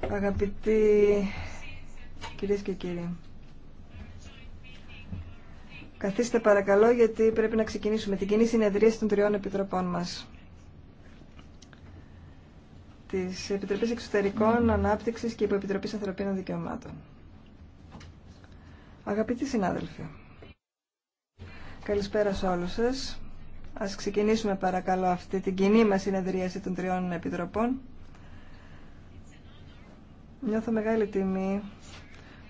Αγαπητοί κυρίες και κύριοι, καθίστε παρακαλώ γιατί πρέπει να ξεκινήσουμε την κοινή συνεδρία των τριών επιτροπών μας. Της Επιτροπής Εξωτερικών Ανάπτυξης και Υποεπιτροπής Ανθρωπίνων Δικαιωμάτων. Αγαπητοί συνάδελφοι, καλησπέρα σε όλους σας. Ας ξεκινήσουμε παρακαλώ αυτή την κοινή μας συνεδρίαση των τριών επιτροπών. Νιώθω μεγάλη τιμή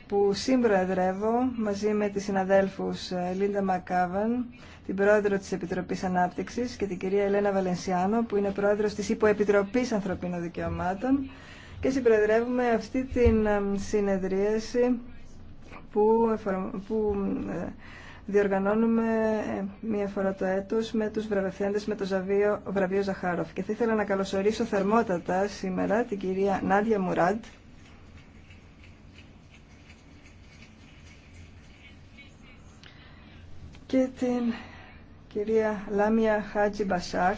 που συμπροεδρεύω μαζί με τις συναδέλφους ε, Λίντα Μακάβαν, την πρόεδρο της Επιτροπής Ανάπτυξης και την κυρία Ελένα Βαλενσιάνο, που είναι πρόεδρος της Υποεπιτροπής Ανθρωπίνων Δικαιωμάτων και συμπροεδρεύουμε αυτή την ε, συνεδρίαση που, που ε, διοργανώνουμε ε, μία φορά το έτος με τους βραβευθέντες με το ζαβείο, βραβείο Ζαχάροφ. Και θα ήθελα να καλωσορίσω θερμότατα σήμερα την κυρία Νάντια Μουράντ, και την κυρία Λάμια Χάτζι Μπασάρ,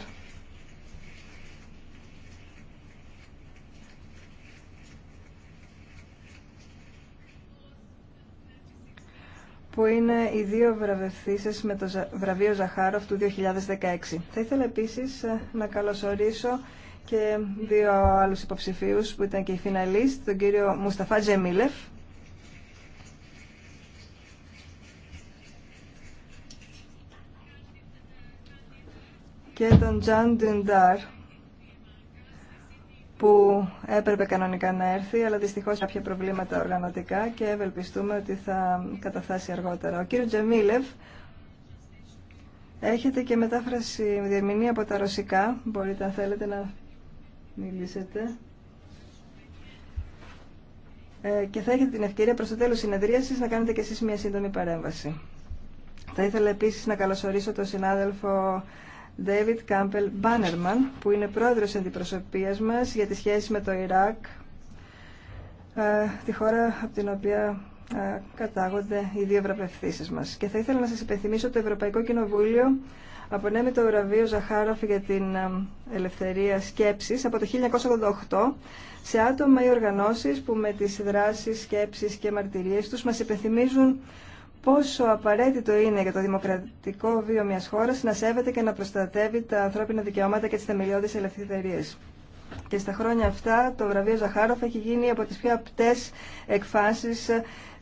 που είναι οι δύο βραβευτήσεις με το βραβείο Ζαχάροφ του 2016. Θα ήθελα επίσης ε, να καλωσορίσω και δύο άλλους υποψηφίους που ήταν και οι φιναλίστ, τον κύριο Μουσταφά Τζεμίλεφ και τον Τζαν Ντιντάρ που έπρεπε κανονικά να έρθει, αλλά δυστυχώς κάποια προβλήματα οργανωτικά και ευελπιστούμε ότι θα καταθάσει αργότερα. Ο κύριο Τζεμίλευ, έχετε και μετάφραση διερμηνή από τα ρωσικά, μπορείτε αν θέλετε να μιλήσετε. Ε, και θα έχετε την ευκαιρία προς το τέλος συνεδρίασης να κάνετε και εσείς μια σύντομη παρέμβαση. Θα ήθελα επίσης να καλωσορίσω τον συνάδελφο David Campbell Bannerman, που είναι πρόεδρος αντιπροσωπείας μας για τις σχέσεις με το Ιράκ, ε, τη χώρα από την οποία ε, κατάγονται οι δύο ευρωπευθύσεις μας. Και θα ήθελα να σας υπενθυμίσω το Ευρωπαϊκό Κοινοβούλιο απονέμει το βραβείο Ζαχάροφ για την ε, ελευθερία σκέψης από το 1988 σε άτομα ή οργανώσεις που με τις δράσεις, σκέψεις και μαρτυρίες τους μας υπενθυμίζουν πόσο απαραίτητο είναι για το δημοκρατικό βίο μιας χώρας να σέβεται και να προστατεύει τα ανθρώπινα δικαιώματα και τις θεμελιώδεις ελευθερίες. Και στα χρόνια αυτά το βραβείο Ζαχάροφ έχει γίνει από τις πιο απτές εκφάνσεις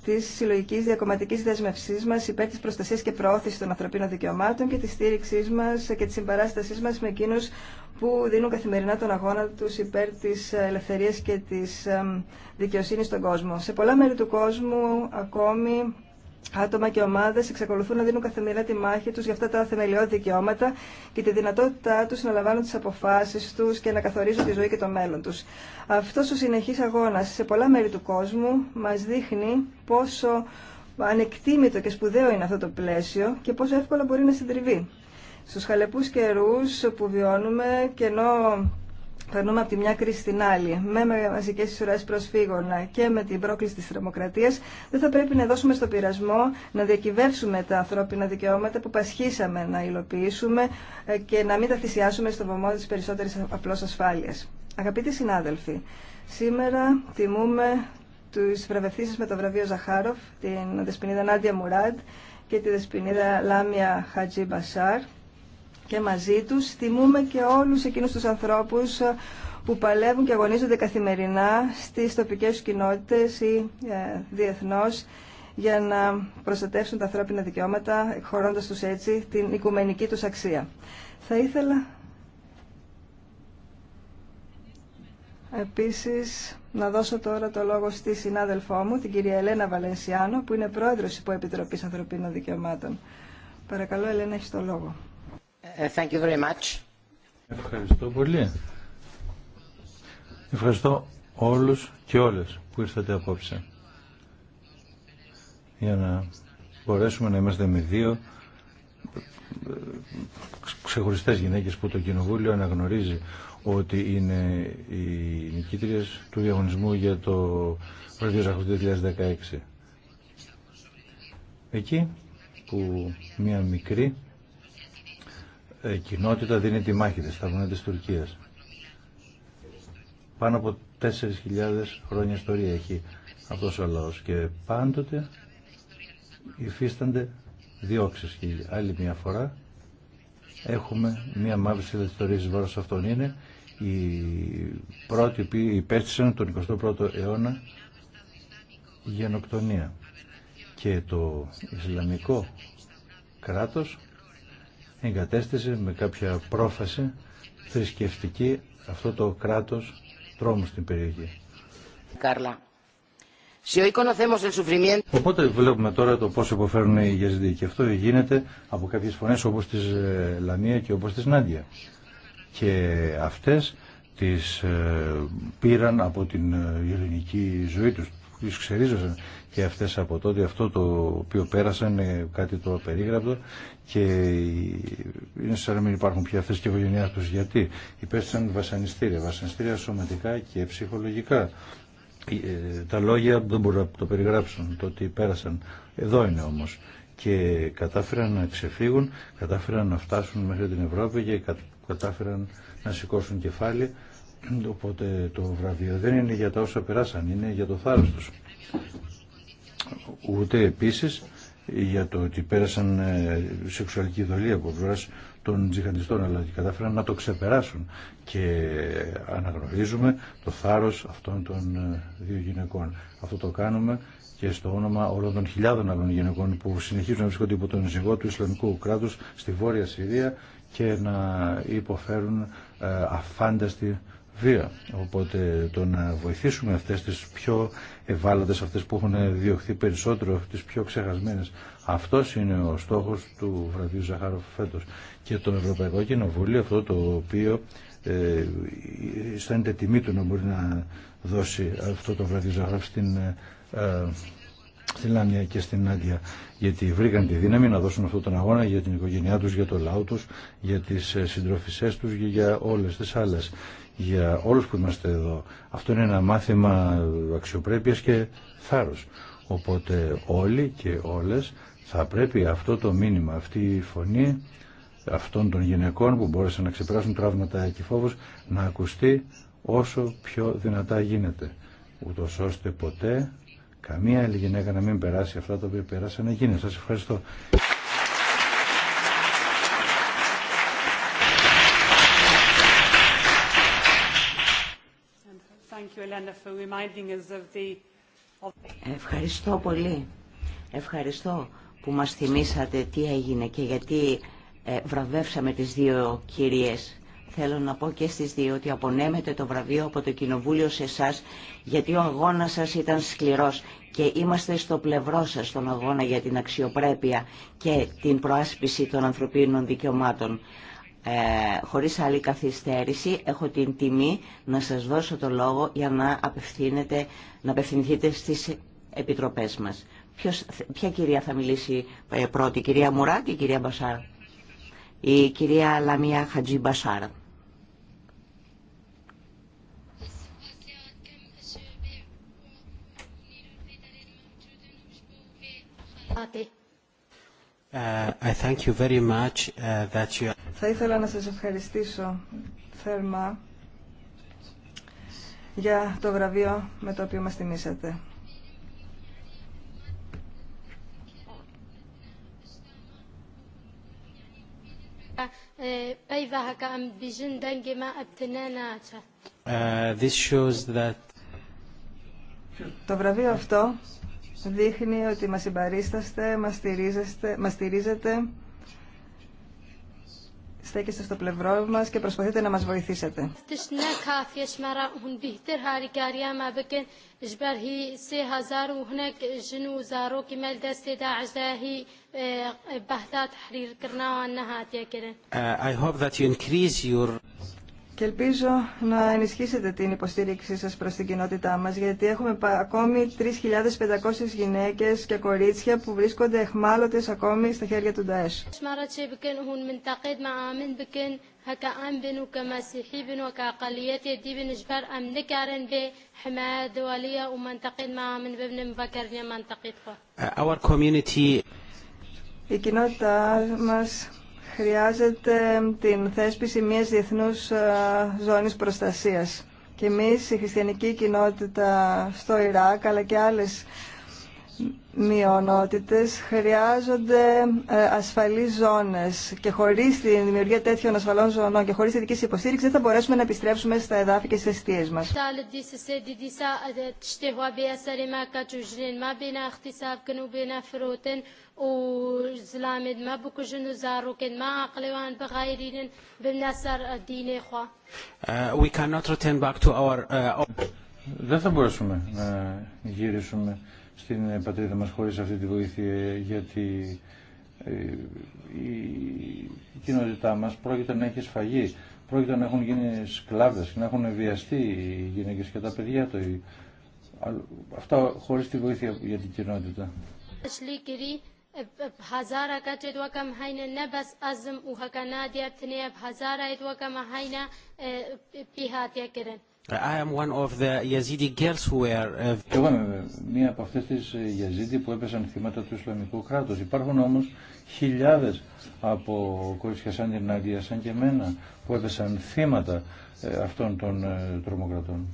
της συλλογικής διακομματικής δέσμευσής μας υπέρ της προστασίας και προώθησης των ανθρωπίνων δικαιωμάτων και της στήριξής μας και της συμπαράστασής μας με εκείνους που δίνουν καθημερινά τον αγώνα τους υπέρ της ελευθερίας και της δικαιοσύνης στον κόσμο. Σε πολλά μέρη του κόσμου ακόμη Άτομα και ομάδε εξακολουθούν να δίνουν καθημερινά τη μάχη του για αυτά τα θεμελιώδη δικαιώματα και τη δυνατότητά του να λαμβάνουν τι αποφάσει του και να καθορίζουν τη ζωή και το μέλλον του. Αυτό ο συνεχή αγώνα σε πολλά μέρη του κόσμου μα δείχνει πόσο ανεκτήμητο και σπουδαίο είναι αυτό το πλαίσιο και πόσο εύκολα μπορεί να συντριβεί. Στου χαλεπού καιρού που βιώνουμε και ενώ περνούμε από τη μια κρίση στην άλλη, με μαζικέ ισορές προσφύγων και με την πρόκληση τη τρομοκρατία, δεν θα πρέπει να δώσουμε στο πειρασμό να διακυβεύσουμε τα ανθρώπινα δικαιώματα που πασχίσαμε να υλοποιήσουμε ε, και να μην τα θυσιάσουμε στο βωμό τη περισσότερη απλώς ασφάλεια. Αγαπητοί συνάδελφοι, σήμερα τιμούμε του βραβευθήσεις με το βραβείο Ζαχάροφ, την δεσπινίδα Νάντια Μουράντ και τη δεσπινίδα Λάμια Χατζή Μπασάρ, και μαζί τους θυμούμε και όλους εκείνους τους ανθρώπους που παλεύουν και αγωνίζονται καθημερινά στις τοπικές κοινότητες ή ε, διεθνώς για να προστατεύσουν τα ανθρώπινα δικαιώματα, χωρώντας τους έτσι την οικουμενική τους αξία. Θα ήθελα επίσης να δώσω τώρα το λόγο στη συνάδελφό μου, την κυρία Ελένα Βαλενσιάνο, που είναι πρόεδρος Υποεπιτροπής Ανθρωπίνων Δικαιωμάτων. Παρακαλώ, Ελένα, έχει το λόγο. Ε, Ευχαριστώ πολύ. Ευχαριστώ όλους και όλες που ήρθατε απόψε για να μπορέσουμε να είμαστε με δύο ξεχωριστές γυναίκες που το Κοινοβούλιο αναγνωρίζει ότι είναι οι νικήτριες του διαγωνισμού για το Ραδιοζάχος 2016. Εκεί που μία μικρή ε, κοινότητα δίνει τη μάχη της στα βουνά της Τουρκίας. Πάνω από 4.000 χρόνια ιστορία έχει αυτός ο λαός και πάντοτε υφίστανται διώξεις και άλλη μια φορά έχουμε μια μαύρη ιστορίας βάρος αυτών είναι οι πρώτοι που υπέστησαν τον 21ο αιώνα γενοκτονία και το Ισλαμικό κράτος εγκατέστησε με κάποια πρόφαση θρησκευτική αυτό το κράτος τρόμου στην περιοχή. Κάρλα. Οπότε βλέπουμε τώρα το πώς υποφέρουν οι Γεζιντοί και αυτό γίνεται από κάποιες φωνές όπως της ε, Λαμία και όπως της Νάντια. Και αυτές τις ε, πήραν από την ε, ελληνική ζωή τους, τους ξερίζωσαν και αυτές από τότε αυτό το οποίο πέρασαν είναι κάτι το απερίγραπτο και είναι σαν να μην υπάρχουν πια αυτές και οικογένειά τους γιατί υπέστησαν βασανιστήρια, βασανιστήρια σωματικά και ψυχολογικά ε, τα λόγια δεν μπορούν να το περιγράψουν το ότι πέρασαν εδώ είναι όμως και κατάφεραν να ξεφύγουν κατάφεραν να φτάσουν μέχρι την Ευρώπη και κατάφεραν να σηκώσουν κεφάλι Οπότε το βραβείο δεν είναι για τα όσα περάσαν, είναι για το θάρρος τους. Ούτε επίσης για το ότι πέρασαν ε, σεξουαλική δολία από πλευράς των τζιχαντιστών, αλλά και κατάφεραν να το ξεπεράσουν. Και αναγνωρίζουμε το θάρρος αυτών των ε, δύο γυναικών. Αυτό το κάνουμε και στο όνομα όλων των χιλιάδων άλλων γυναικών που συνεχίζουν να βρίσκονται υπό τον ζυγό του Ισλαμικού κράτους στη Βόρεια Συρία και να υποφέρουν ε, αφάνταστη βία. Οπότε το να βοηθήσουμε αυτές τις πιο ευάλωτες, αυτές που έχουν διωχθεί περισσότερο, τις πιο ξεχασμένες. Αυτός είναι ο στόχος του βραβείου Ζαχάροφ φέτος. Και το Ευρωπαϊκό Κοινοβούλιο, αυτό το οποίο ε, αισθάνεται τιμή του να μπορεί να δώσει αυτό το βραβείο Ζαχάροφ στην ε, Λάμια και στην Άντια, γιατί βρήκαν τη δύναμη να δώσουν αυτόν τον αγώνα για την οικογένειά τους, για το λαό τους, για τις ε, συντροφισές τους και για όλες τις άλλες για όλους που είμαστε εδώ. Αυτό είναι ένα μάθημα αξιοπρέπειας και θάρρος. Οπότε όλοι και όλες θα πρέπει αυτό το μήνυμα, αυτή η φωνή αυτών των γυναικών που μπόρεσαν να ξεπεράσουν τραύματα και φόβους να ακουστεί όσο πιο δυνατά γίνεται. Ούτω ώστε ποτέ καμία άλλη γυναίκα να μην περάσει αυτά τα οποία περάσανε εκείνες. Σας ευχαριστώ. Ευχαριστώ πολύ. Ευχαριστώ που μας θυμήσατε τι έγινε και γιατί ε, βραβεύσαμε τις δύο κυρίες. Θέλω να πω και στις δύο ότι απονέμετε το βραβείο από το Κοινοβούλιο σε εσά γιατί ο αγώνας σας ήταν σκληρός και είμαστε στο πλευρό σας στον αγώνα για την αξιοπρέπεια και την προάσπιση των ανθρωπίνων δικαιωμάτων. Ε, χωρίς άλλη καθυστέρηση έχω την τιμή να σας δώσω το λόγο για να, απευθύνετε, να απευθυνθείτε στις επιτροπές μας. Ποιος, ποια κυρία θα μιλήσει ε, πρώτη, κυρία Μουράκη ή η κυρία Μπασάρ. κυρια Μπασάρα, Λαμία Χατζή Μπασάρ. Uh, I thank you very much uh, that you... Θα ήθελα να σας ευχαριστήσω θερμά για το βραβείο με το οποίο μας τιμήσατε. Uh, this shows that... Το βραβείο αυτό δείχνει ότι μας συμπαρίσταστε, μας, μας στηρίζετε, στέκεστε στο πλευρό μας και προσπαθείτε να μας βοηθήσετε και ελπίζω να ενισχύσετε την υποστήριξή σας προς την κοινότητά μας, γιατί έχουμε ακόμη 3.500 γυναίκες και κορίτσια που βρίσκονται εχμάλωτες ακόμη στα χέρια του Νταέσ. Η κοινότητά μας χρειάζεται την θέσπιση μιας διεθνούς ε, ζώνης προστασίας. Και εμείς, η χριστιανική κοινότητα στο Ιράκ, αλλά και άλλες μειονότητες χρειάζονται ε, ασφαλείς ζώνες και χωρίς τη δημιουργία τέτοιων ασφαλών ζωνών και χωρίς ειδική υποστήριξη δεν θα μπορέσουμε να επιστρέψουμε στα εδάφη και στις αιστείες μας. Uh, uh, δεν θα μπορέσουμε να γυρίσουμε στην πατρίδα μας χωρίς αυτή τη βοήθεια γιατί ε, η κοινότητά μας πρόκειται να έχει σφαγή, πρόκειται να έχουν γίνει σκλάβες, να έχουν βιαστεί οι γυναίκες και τα παιδιά α, Αυτά χωρίς τη βοήθεια για την κοινότητα. بهزارە کەچێ دووەکەم هەینە نەبەس ئەزم و هەکە نادیار تنێ بهزارە دووەکەمە هەینە εγώ είμαι μία από αυτές τις ε, Yazidi που έπεσαν θύματα του Ισλαμικού κράτους. Υπάρχουν όμως χιλιάδες από κορίτσια σαν την Αγία, σαν και εμένα, που έπεσαν θύματα ε, αυτών των ε, τρομοκρατών.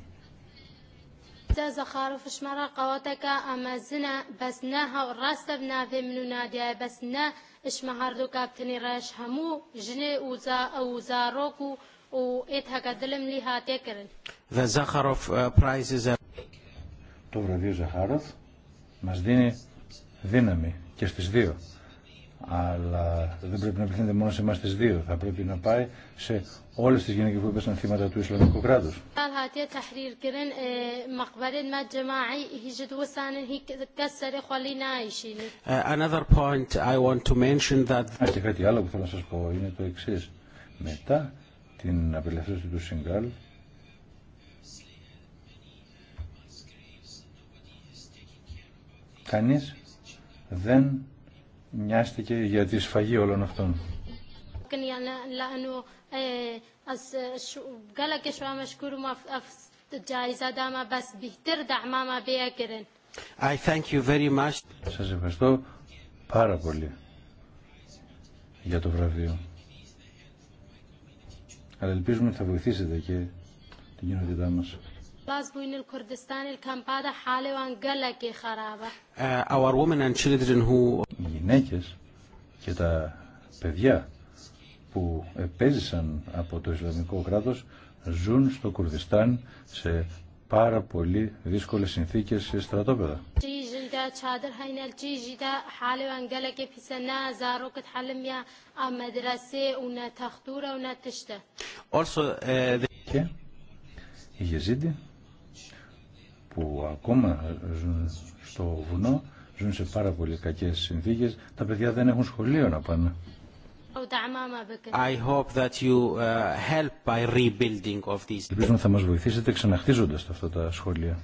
Υπάρχουν The Zakharov uh, Prize is a... Το βραβείο Ζαχάροφ μας δίνει δύναμη και στις δύο. Αλλά δεν πρέπει να πληθύνεται μόνο σε εμάς τις δύο. Θα πρέπει να πάει σε όλες τις γυναίκες που έπεσαν θύματα του Ισλαμικού κράτους. Ε, uh, another point I want to mention that... Α, και κάτι άλλο που θέλω να σας πω είναι το εξής. Μετά την απελευθέρωση του Σιγκάλ κανείς δεν νοιάστηκε για τη σφαγή όλων αυτών. I thank you very much. Σας ευχαριστώ πάρα πολύ για το βραβείο αλλά ελπίζουμε ότι θα βοηθήσετε και την κοινότητά μα. Ε, Οι γυναίκε και τα παιδιά που επέζησαν από το Ισλαμικό κράτο, ζουν στο Κουρδιστάν σε πάρα πολύ δύσκολε συνθήκες σε στρατόπεδα. Äh, και چادر και, που ακόμα ζουν στο βουνό ζουν σε πάρα πολύ κακές συνθήκες. Τα παιδιά δεν έχουν σχολείο να πάνε. I äh, Ελπίζω να θα μας βοηθήσετε ξαναχτίζοντας αυτά τα σχολεία.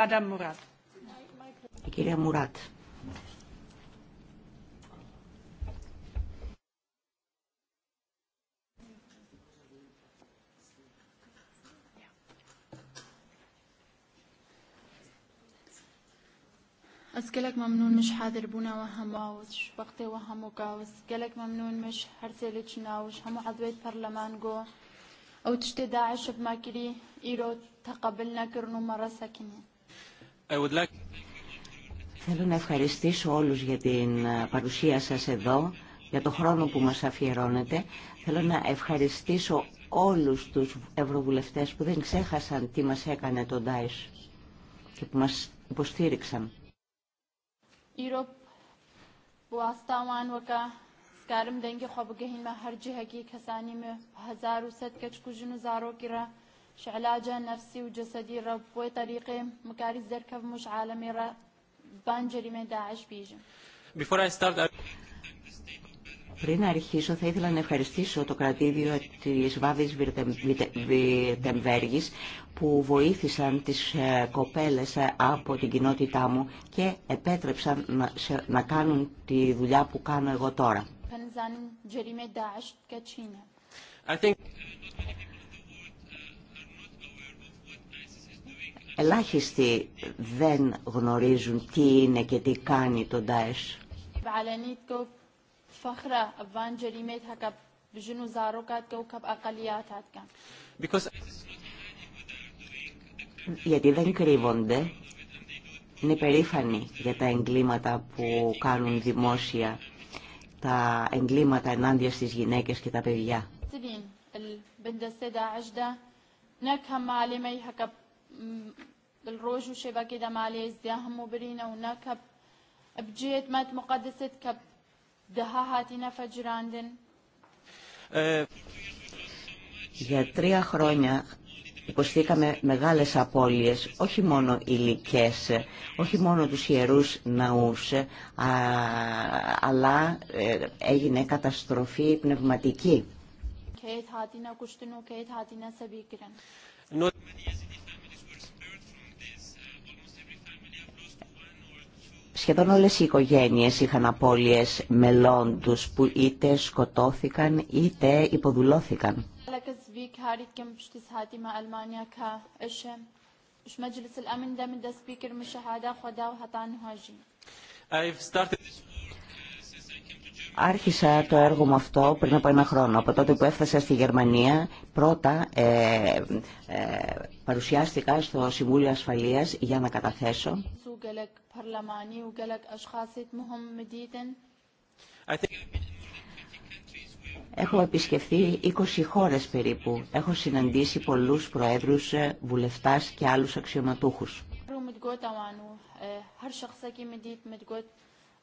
Η κυρία Μουράτ. Η κυρία Μουράτ. Η κυρία Μουράτ. Η κυρία Μουράτ. Η κυρία Μουράτ. Θέλω να ευχαριστήσω όλους για την ε, παρουσία σας εδώ, για το χρόνο που μας αφιερώνετε. Θέλω να ευχαριστήσω όλους τους ευρωβουλευτές που δεν ξέχασαν τι μας έκανε τον Ντάις και που μας υποστήριξαν. Πριν αρχίσω θα ήθελα να ευχαριστήσω το κρατήδιο τη Βάδης Βιρτεμβέργης που βοήθησαν τι ε, κοπέλε ε, από την κοινότητά μου και επέτρεψαν να κάνουν τη δουλειά που κάνω εγώ τώρα. Ελάχιστοι δεν γνωρίζουν τι είναι και τι κάνει το Ντάεσ. Γιατί δεν κρύβονται, είναι περήφανοι για τα εγκλήματα που κάνουν δημόσια, τα εγκλήματα ενάντια στις γυναίκες και τα παιδιά. دل روز و شب که دمالی از هەموو مبرین و نکب ابجیت مات مقدسێت کب دەها هاتی نەفەجراندن Για τρία χρόνια υποστήκαμε μεγάλες απώλειες, όχι μόνο υλικές, όχι μόνο τους ιερούς ναούς, α, αλλά ε, έγινε καταστροφή πνευματική. Σχεδόν όλες οι οικογένειες είχαν απώλειες μελών τους που είτε σκοτώθηκαν είτε υποδουλώθηκαν. Άρχισα το έργο μου αυτό πριν από ένα χρόνο. Από τότε που έφτασα στη Γερμανία, πρώτα ε, ε παρουσιάστηκα στο Συμβούλιο Ασφαλείας για να καταθέσω. Έχω επισκεφθεί 20 χώρες περίπου. Έχω συναντήσει πολλούς προέδρους, ε, βουλευτάς και άλλους αξιωματούχους.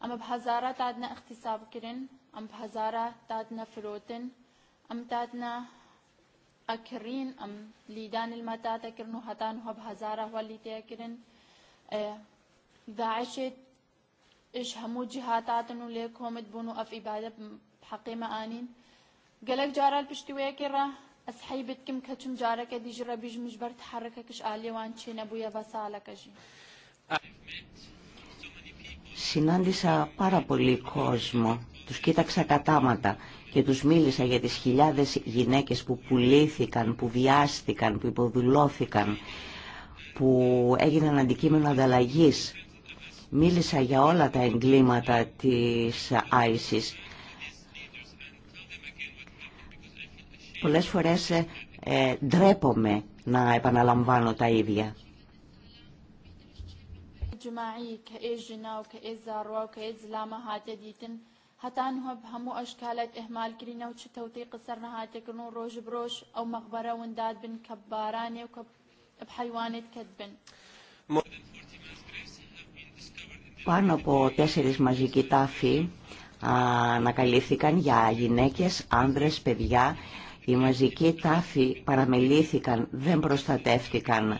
ام بەهزارە دادنە ئەختیسا بکردن ام بەهزارە دادنە فروتن ام دادنا ئەکرین ام لیدان المەتاتەکردن و هەتان هە بەهزارە هەڵی تێکردن داعشێت ئش هەموو جهاتاتن و لێ کۆمت بوون و ئەف ئیبادە حەقیمە ئانین گەلەک جارال پشتی وەیەکێڕە ئەسحەی بتکم کەچم جارەکە دیژرە بیژمش بەر تحەڕەکەکش ئالێوان چێنە بووە بە ساڵەکەژی συνάντησα πάρα πολύ κόσμο. Τους κοίταξα κατάματα και τους μίλησα για τις χιλιάδες γυναίκες που πουλήθηκαν, που βιάστηκαν, που υποδουλώθηκαν, που έγιναν αντικείμενο ανταλλαγή. Μίλησα για όλα τα εγκλήματα της ISIS. Πολλές φορές ε, ντρέπομαι να επαναλαμβάνω τα ίδια. جماعی که کە ئێ که ایز ئێ و که ایز لاما هاتە دیتن هەتانوە اشکالت احمال ئەهمالکرینە و چه چ تەوتەی نهاته کرنو روش بروش او مغبره و انداد بن که بارانێ و که حیوانێت کەت بن. Πάνω από τέσσερις μαζικοί τάφοι ανακαλύφθηκαν για γυναίκες, άνδρες, παιδιά. Οι μαζικοί τάφοι παραμελήθηκαν, δεν προστατεύτηκαν.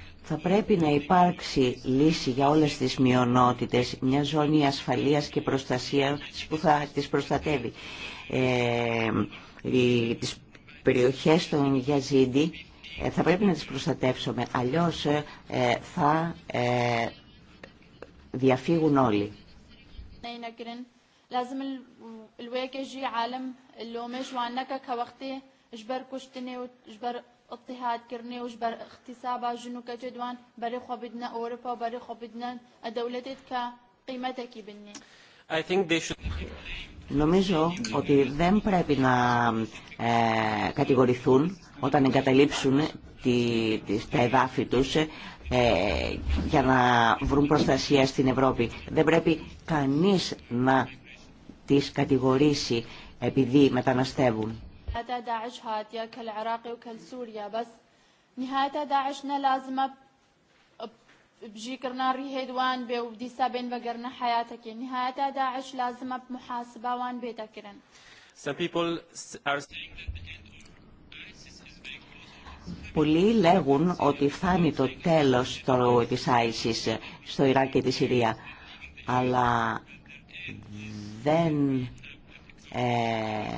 Θα πρέπει να υπάρξει λύση για όλες τις μειονότητες, μια ζώνη ασφαλείας και προστασίας που θα τις προστατεύει. Ε, οι, τις περιοχές των Γιαζίντι ε, θα πρέπει να τις προστατεύσουμε, αλλιώς ε, θα ε, διαφύγουν όλοι. Ε, Νομίζω ότι δεν πρέπει να ε, κατηγορηθούν όταν εγκαταλείψουν τη, τη, τα εδάφη τους ε, για να βρουν προστασία στην Ευρώπη. Δεν πρέπει κανείς να τις κατηγορήσει επειδή μεταναστεύουν. نهاية داعش هاتية كالعراقي وكالسوريا بس نهاية داعشنا لازم بجي كرنا ريهدوان بي وديسا سابين بقرنا حياتك نهاية داعش لازم بمحاسبة وان بيتكرن Some people are saying that Πολλοί λέγουν ότι φτάνει το τέλος το, της ISIS στο Ιράκ και τη Συρία. Αλλά δεν ε,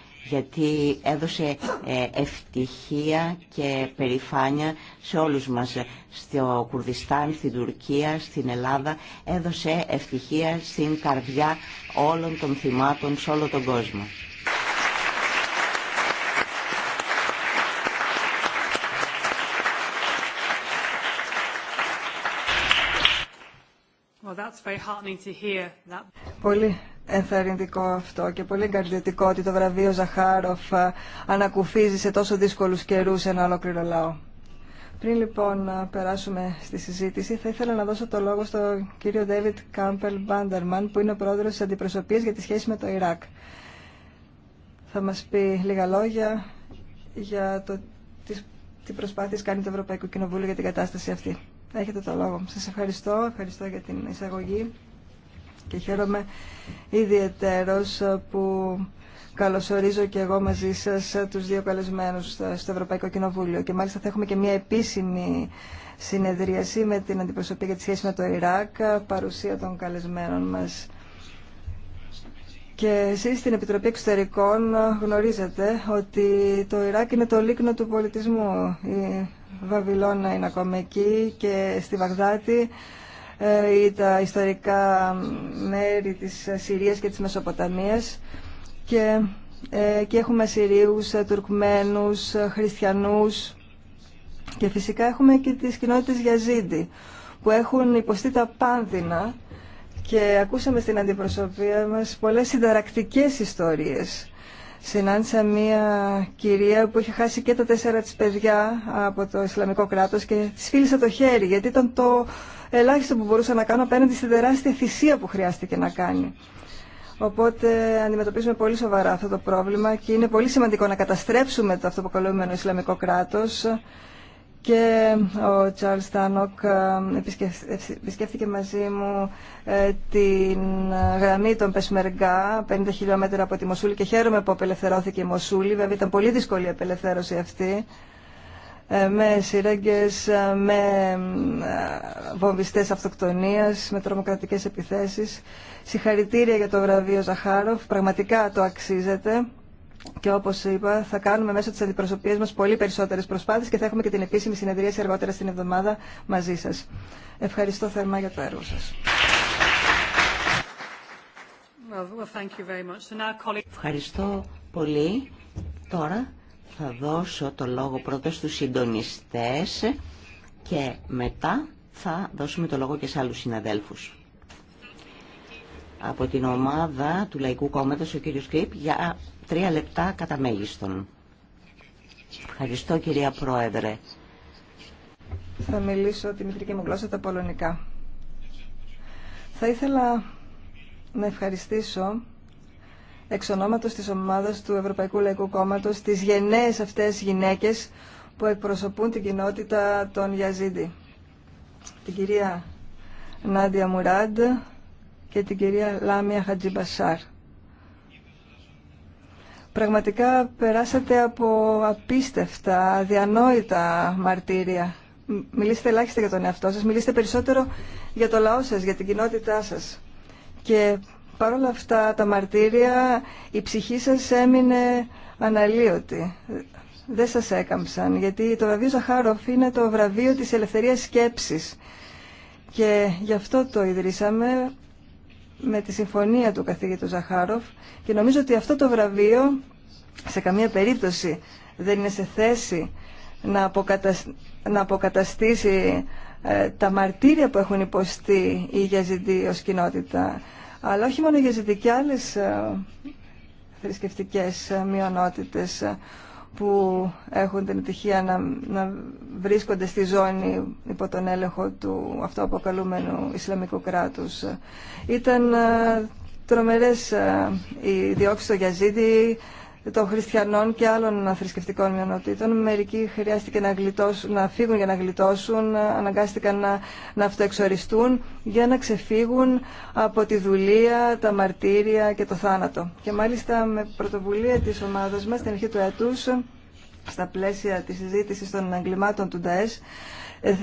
γιατί έδωσε ε, ευτυχία και περηφάνεια σε όλους μας στο Κουρδιστάν, στην Τουρκία, στην Ελλάδα έδωσε ευτυχία στην καρδιά όλων των θυμάτων σε όλο τον κόσμο. Πολύ ενθαρρυντικό αυτό και πολύ εγκαρδιωτικό ότι το βραβείο Ζαχάροφ ε, ανακουφίζει σε τόσο δύσκολους καιρούς ένα ολόκληρο λαό. Πριν λοιπόν ε, περάσουμε στη συζήτηση, θα ήθελα να δώσω το λόγο στον κύριο David Κάμπελ banderman που είναι ο πρόεδρος της Αντιπροσωπείας για τη σχέση με το Ιράκ. Θα μας πει λίγα λόγια για το, τι προσπάθειες κάνει το Ευρωπαϊκό Κοινοβούλιο για την κατάσταση αυτή. Έχετε το λόγο. Σας ευχαριστώ. Ευχαριστώ για την εισαγωγή και χαίρομαι ιδιαιτέρως που καλωσορίζω και εγώ μαζί σας τους δύο καλεσμένους στο Ευρωπαϊκό Κοινοβούλιο και μάλιστα θα έχουμε και μια επίσημη συνεδρίαση με την αντιπροσωπή για τη σχέση με το Ιράκ, παρουσία των καλεσμένων μας. Και εσείς στην Επιτροπή Εξωτερικών γνωρίζετε ότι το Ιράκ είναι το λίκνο του πολιτισμού. Βαβυλώνα είναι ακόμα εκεί και στη Βαγδάτη ε, ή τα ιστορικά μέρη της Συρίας και της Μεσοποταμίας και ε, και έχουμε Συρίους, ε, Τουρκμένους, Χριστιανούς και φυσικά έχουμε και τις κοινότητες Γιαζίντι που έχουν υποστεί τα πάνδυνα και ακούσαμε στην αντιπροσωπεία μας πολλές συνταρακτικές ιστορίες συνάντησα μία κυρία που είχε χάσει και τα τέσσερα της παιδιά από το Ισλαμικό κράτος και της φίλησα το χέρι γιατί ήταν το ελάχιστο που μπορούσα να κάνω απέναντι στην τεράστια θυσία που χρειάστηκε να κάνει. Οπότε αντιμετωπίζουμε πολύ σοβαρά αυτό το πρόβλημα και είναι πολύ σημαντικό να καταστρέψουμε το αυτοποκαλούμενο Ισλαμικό κράτος και ο Τσάρλς Τάνοκ ε, ε, επισκέφθηκε μαζί μου ε, την γραμμή των Πεσμεργά, 50 χιλιόμετρα από τη Μοσούλη και χαίρομαι που απελευθερώθηκε η Μοσούλη. Βέβαια ήταν πολύ δύσκολη η απελευθέρωση αυτή με σύραγγες, με βομβιστές αυτοκτονίας, με τρομοκρατικές επιθέσεις. Συγχαρητήρια για το βραβείο Ζαχάροφ, πραγματικά το αξίζεται. Και όπως είπα, θα κάνουμε μέσω τη αντιπροσωπεία μας πολύ περισσότερες προσπάθειες και θα έχουμε και την επίσημη συνεδρίαση αργότερα στην εβδομάδα μαζί σας. Ευχαριστώ θερμά για το έργο σα. Ευχαριστώ πολύ. Τώρα θα δώσω το λόγο πρώτα στους συντονιστές και μετά θα δώσουμε το λόγο και σε άλλους συναδέλφους. Από την ομάδα του Λαϊκού Κόμματος, ο κύριος Κρύπ, για Τρία λεπτά κατά μέγιστον. Ευχαριστώ κυρία Πρόεδρε. Θα μιλήσω τη μητρική μου γλώσσα τα πολωνικά. Θα ήθελα να ευχαριστήσω εξ ονόματος της ομάδας του Ευρωπαϊκού Λαϊκού Κόμματος τις γενναίες αυτές γυναίκες που εκπροσωπούν την κοινότητα των Γιαζίδη. Την κυρία Νάντια Μουράντ και την κυρία Λάμια Χατζιμπασάρ. Πραγματικά περάσατε από απίστευτα, αδιανόητα μαρτύρια. Μιλήστε ελάχιστα για τον εαυτό σας, μιλήστε περισσότερο για το λαό σας, για την κοινότητά σας. Και παρόλα αυτά τα μαρτύρια η ψυχή σας έμεινε αναλύωτη. Δεν σας έκαμψαν, γιατί το βραβείο Ζαχάροφ είναι το βραβείο της ελευθερίας σκέψης. Και γι' αυτό το ιδρύσαμε με τη συμφωνία του καθηγήτου Ζαχάροφ και νομίζω ότι αυτό το βραβείο σε καμία περίπτωση δεν είναι σε θέση να αποκαταστήσει ε, τα μαρτύρια που έχουν υποστεί οι Γιαζιντοί ως κοινότητα. Αλλά όχι μόνο οι Γιαζιντοί και άλλες ε, θρησκευτικές μειονότητες που έχουν την επιτυχία να, να βρίσκονται στη ζώνη υπό τον έλεγχο του αυτοαποκαλούμενου Ισλαμικού κράτους. Ήταν ε, τρομερές ε, οι διώξεις στο Γιαζίδι, των χριστιανών και άλλων θρησκευτικών μειονοτήτων. Μερικοί χρειάστηκε να, να φύγουν για να γλιτώσουν, αναγκάστηκαν να, να αυτοεξοριστούν για να ξεφύγουν από τη δουλεία, τα μαρτύρια και το θάνατο. Και μάλιστα με πρωτοβουλία της ομάδας μας, στην αρχή του έτους, στα πλαίσια της συζήτησης των εγκλημάτων του ΝΤΑΕΣ, ε,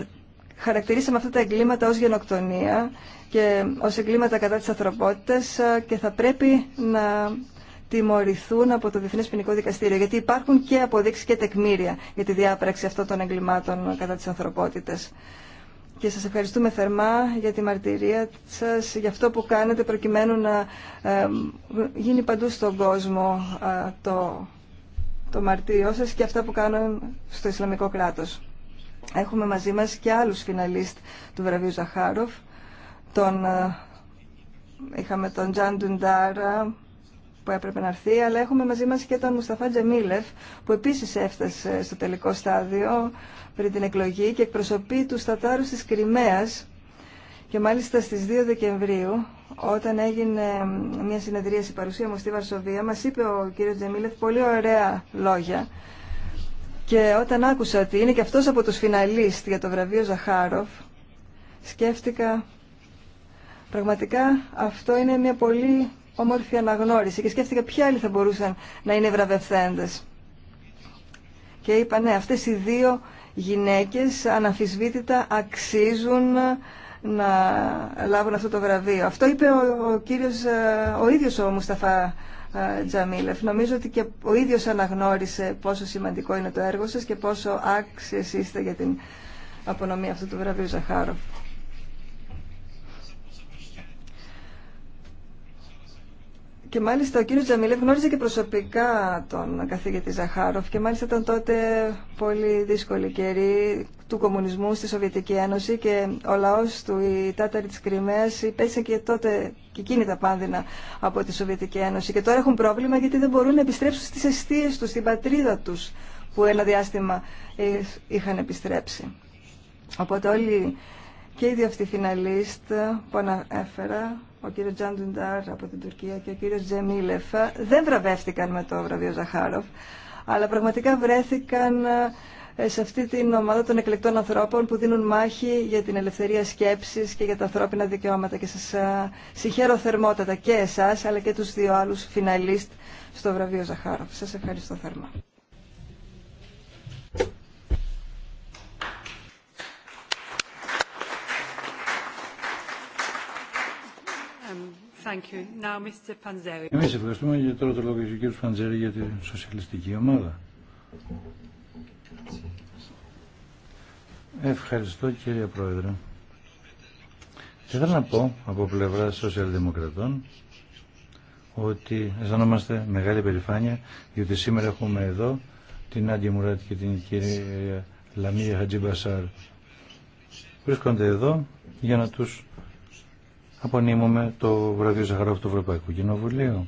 χαρακτηρίσαμε αυτά τα εγκλήματα ως γενοκτονία και ως εγκλήματα κατά της ανθρωπότητας ε, και θα πρέπει να τιμωρηθούν από το Διεθνές Ποινικό Δικαστήριο, γιατί υπάρχουν και αποδείξεις και τεκμήρια για τη διάπραξη αυτών των εγκλημάτων κατά της ανθρωπότητας. Και σας ευχαριστούμε θερμά για τη μαρτυρία σας, για αυτό που κάνετε προκειμένου να ε, γίνει παντού στον κόσμο ε, το, το μαρτύριό σας και αυτά που κάνουν στο Ισλαμικό κράτος. Έχουμε μαζί μας και άλλους φιναλίστ του βραβείου Ζαχάροφ. Τον, ε, είχαμε τον Τζαν Ντουντάρα, που έπρεπε να έρθει, αλλά έχουμε μαζί μας και τον Μουσταφά Τζεμίλεφ, που επίσης έφτασε στο τελικό στάδιο πριν την εκλογή και εκπροσωπεί του Τατάρους της Κρυμαίας και μάλιστα στις 2 Δεκεμβρίου, όταν έγινε μια συνεδρίαση παρουσία μου στη Βαρσοβία, μας είπε ο κύριος Τζεμίλεφ πολύ ωραία λόγια. Και όταν άκουσα ότι είναι και αυτός από τους φιναλίστ για το βραβείο Ζαχάροφ, σκέφτηκα πραγματικά αυτό είναι μια πολύ όμορφη αναγνώριση και σκέφτηκα ποια άλλοι θα μπορούσαν να είναι βραβευθέντες. Και είπα, ναι, αυτές οι δύο γυναίκες αναφυσβήτητα αξίζουν να λάβουν αυτό το βραβείο. Αυτό είπε ο, ο κύριος, ε, ο ίδιος ο Μουσταφά ε, Τζαμίλεφ. Νομίζω ότι και ο ίδιος αναγνώρισε πόσο σημαντικό είναι το έργο σας και πόσο άξιες είστε για την απονομή αυτού του βραβείου Ζαχάροφ. Και μάλιστα ο κύριος Τζαμιλεύ γνώριζε και προσωπικά τον καθηγητή Ζαχάροφ και μάλιστα ήταν τότε πολύ δύσκολη καιρή του κομμουνισμού στη Σοβιετική Ένωση και ο λαός του, οι τάταροι της Κρυμαίας υπέστησαν και τότε και εκείνη τα πάνδυνα από τη Σοβιετική Ένωση και τώρα έχουν πρόβλημα γιατί δεν μπορούν να επιστρέψουν στις αιστείες τους, στην πατρίδα τους που ένα διάστημα είχαν επιστρέψει. Οπότε όλοι και οι δύο αυτοί φιναλίστ που αναφέρα ο κύριος Τζαντουντάρ από την Τουρκία και ο κύριος Τζεμίλεφ δεν βραβεύτηκαν με το βραβείο Ζαχάροφ, αλλά πραγματικά βρέθηκαν ε, σε αυτή την ομάδα των εκλεκτών ανθρώπων που δίνουν μάχη για την ελευθερία σκέψης και για τα ανθρώπινα δικαιώματα. Και σας ε, συγχαίρω θερμότατα και εσάς, αλλά και τους δύο άλλους φιναλίστ στο βραβείο Ζαχάροφ. Σας ευχαριστώ θερμά. Um, Εμείς ευχαριστούμε για τώρα το λόγο του κ. Παντζέρη για τη σοσιαλιστική ομάδα. Ευχαριστώ κύριε Πρόεδρε. Και θέλω να πω από πλευρά σοσιαλδημοκρατών ότι αισθανόμαστε μεγάλη περηφάνεια διότι σήμερα έχουμε εδώ την Άντια Μουράτ και την κυρία Λαμία Χατζιμπασάρ. Βρίσκονται εδώ για να τους απονείμουμε το βραβείο Ζαχαρόφ του Ευρωπαϊκού Κοινοβουλίου.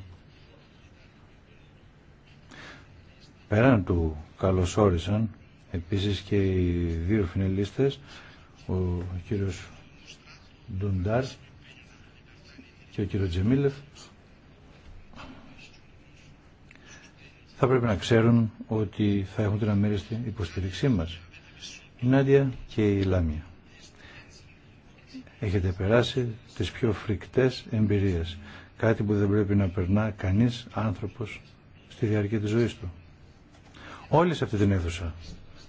Πέραν του καλωσόρισαν επίσης και οι δύο φινελίστες, ο κύριος Ντουντάρ και ο κύριος Τζεμίλεφ, θα πρέπει να ξέρουν ότι θα έχουν την αμέριστη υποστήριξή μας. Η Νάντια και η Λάμια έχετε περάσει τις πιο φρικτές εμπειρίες. Κάτι που δεν πρέπει να περνά κανείς άνθρωπος στη διάρκεια της ζωής του. Όλοι σε αυτή την αίθουσα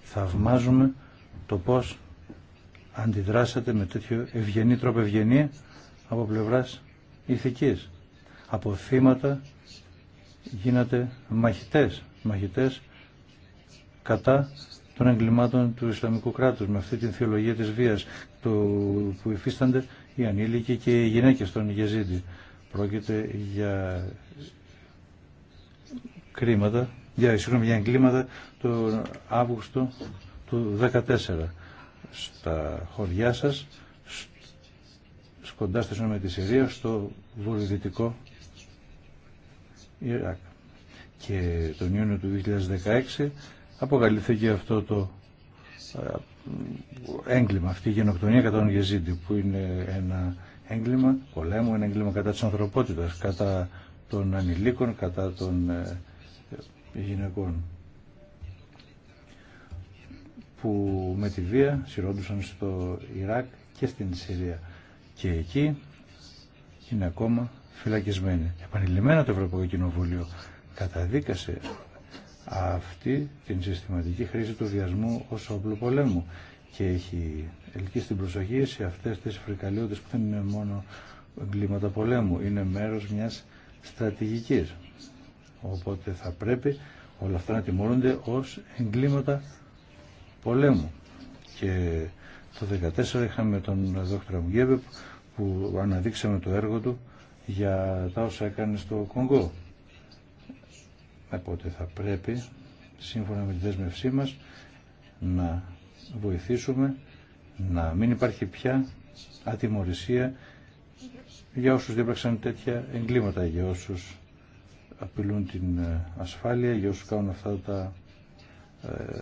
θαυμάζουμε το πώς αντιδράσατε με τέτοιο ευγενή τρόπο ευγενή από πλευράς ηθικής. Από θύματα γίνατε μαχητές, μαχητές κατά των εγκλημάτων του Ισλαμικού κράτους με αυτή την θεολογία της βίας το, που υφίστανται οι ανήλικοι και οι γυναίκες των Γεζίδη. Πρόκειται για κρίματα, για, συγγνώμη, για εγκλήματα τον Αύγουστο του 2014 στα χωριά σας, κοντά στο σύνομα τη Συρία, στο βορειοδυτικό Ιράκ. Και τον Ιούνιο του 2016 Αποκαλύφθηκε και αυτό το ε, έγκλημα, αυτή η γενοκτονία κατά τον Γεζίντη, που είναι ένα έγκλημα πολέμου, ένα έγκλημα κατά της ανθρωπότητας, κατά των ανηλίκων, κατά των ε, γυναικών που με τη βία συρρόντουσαν στο Ιράκ και στην Συρία. Και εκεί είναι ακόμα φυλακισμένοι. Επανειλημμένα το Ευρωπαϊκό Κοινοβούλιο καταδίκασε αυτή την συστηματική χρήση του βιασμού ως όπλο πολέμου και έχει ελκύσει την προσοχή σε αυτές τις φρικαλίωτες που δεν είναι μόνο εγκλήματα πολέμου, είναι μέρος μιας στρατηγικής. Οπότε θα πρέπει όλα αυτά να τιμωρούνται ως εγκλήματα πολέμου. Και το 2014 είχαμε τον Δόκτωρα Μουγγέβε που αναδείξαμε το έργο του για τα όσα έκανε στο Κονγκό. Οπότε θα πρέπει, σύμφωνα με τη δέσμευσή μας, να βοηθήσουμε να μην υπάρχει πια ατιμορρησία για όσους διέπραξαν τέτοια εγκλήματα, για όσους απειλούν την ε, ασφάλεια, για όσους κάνουν αυτά τα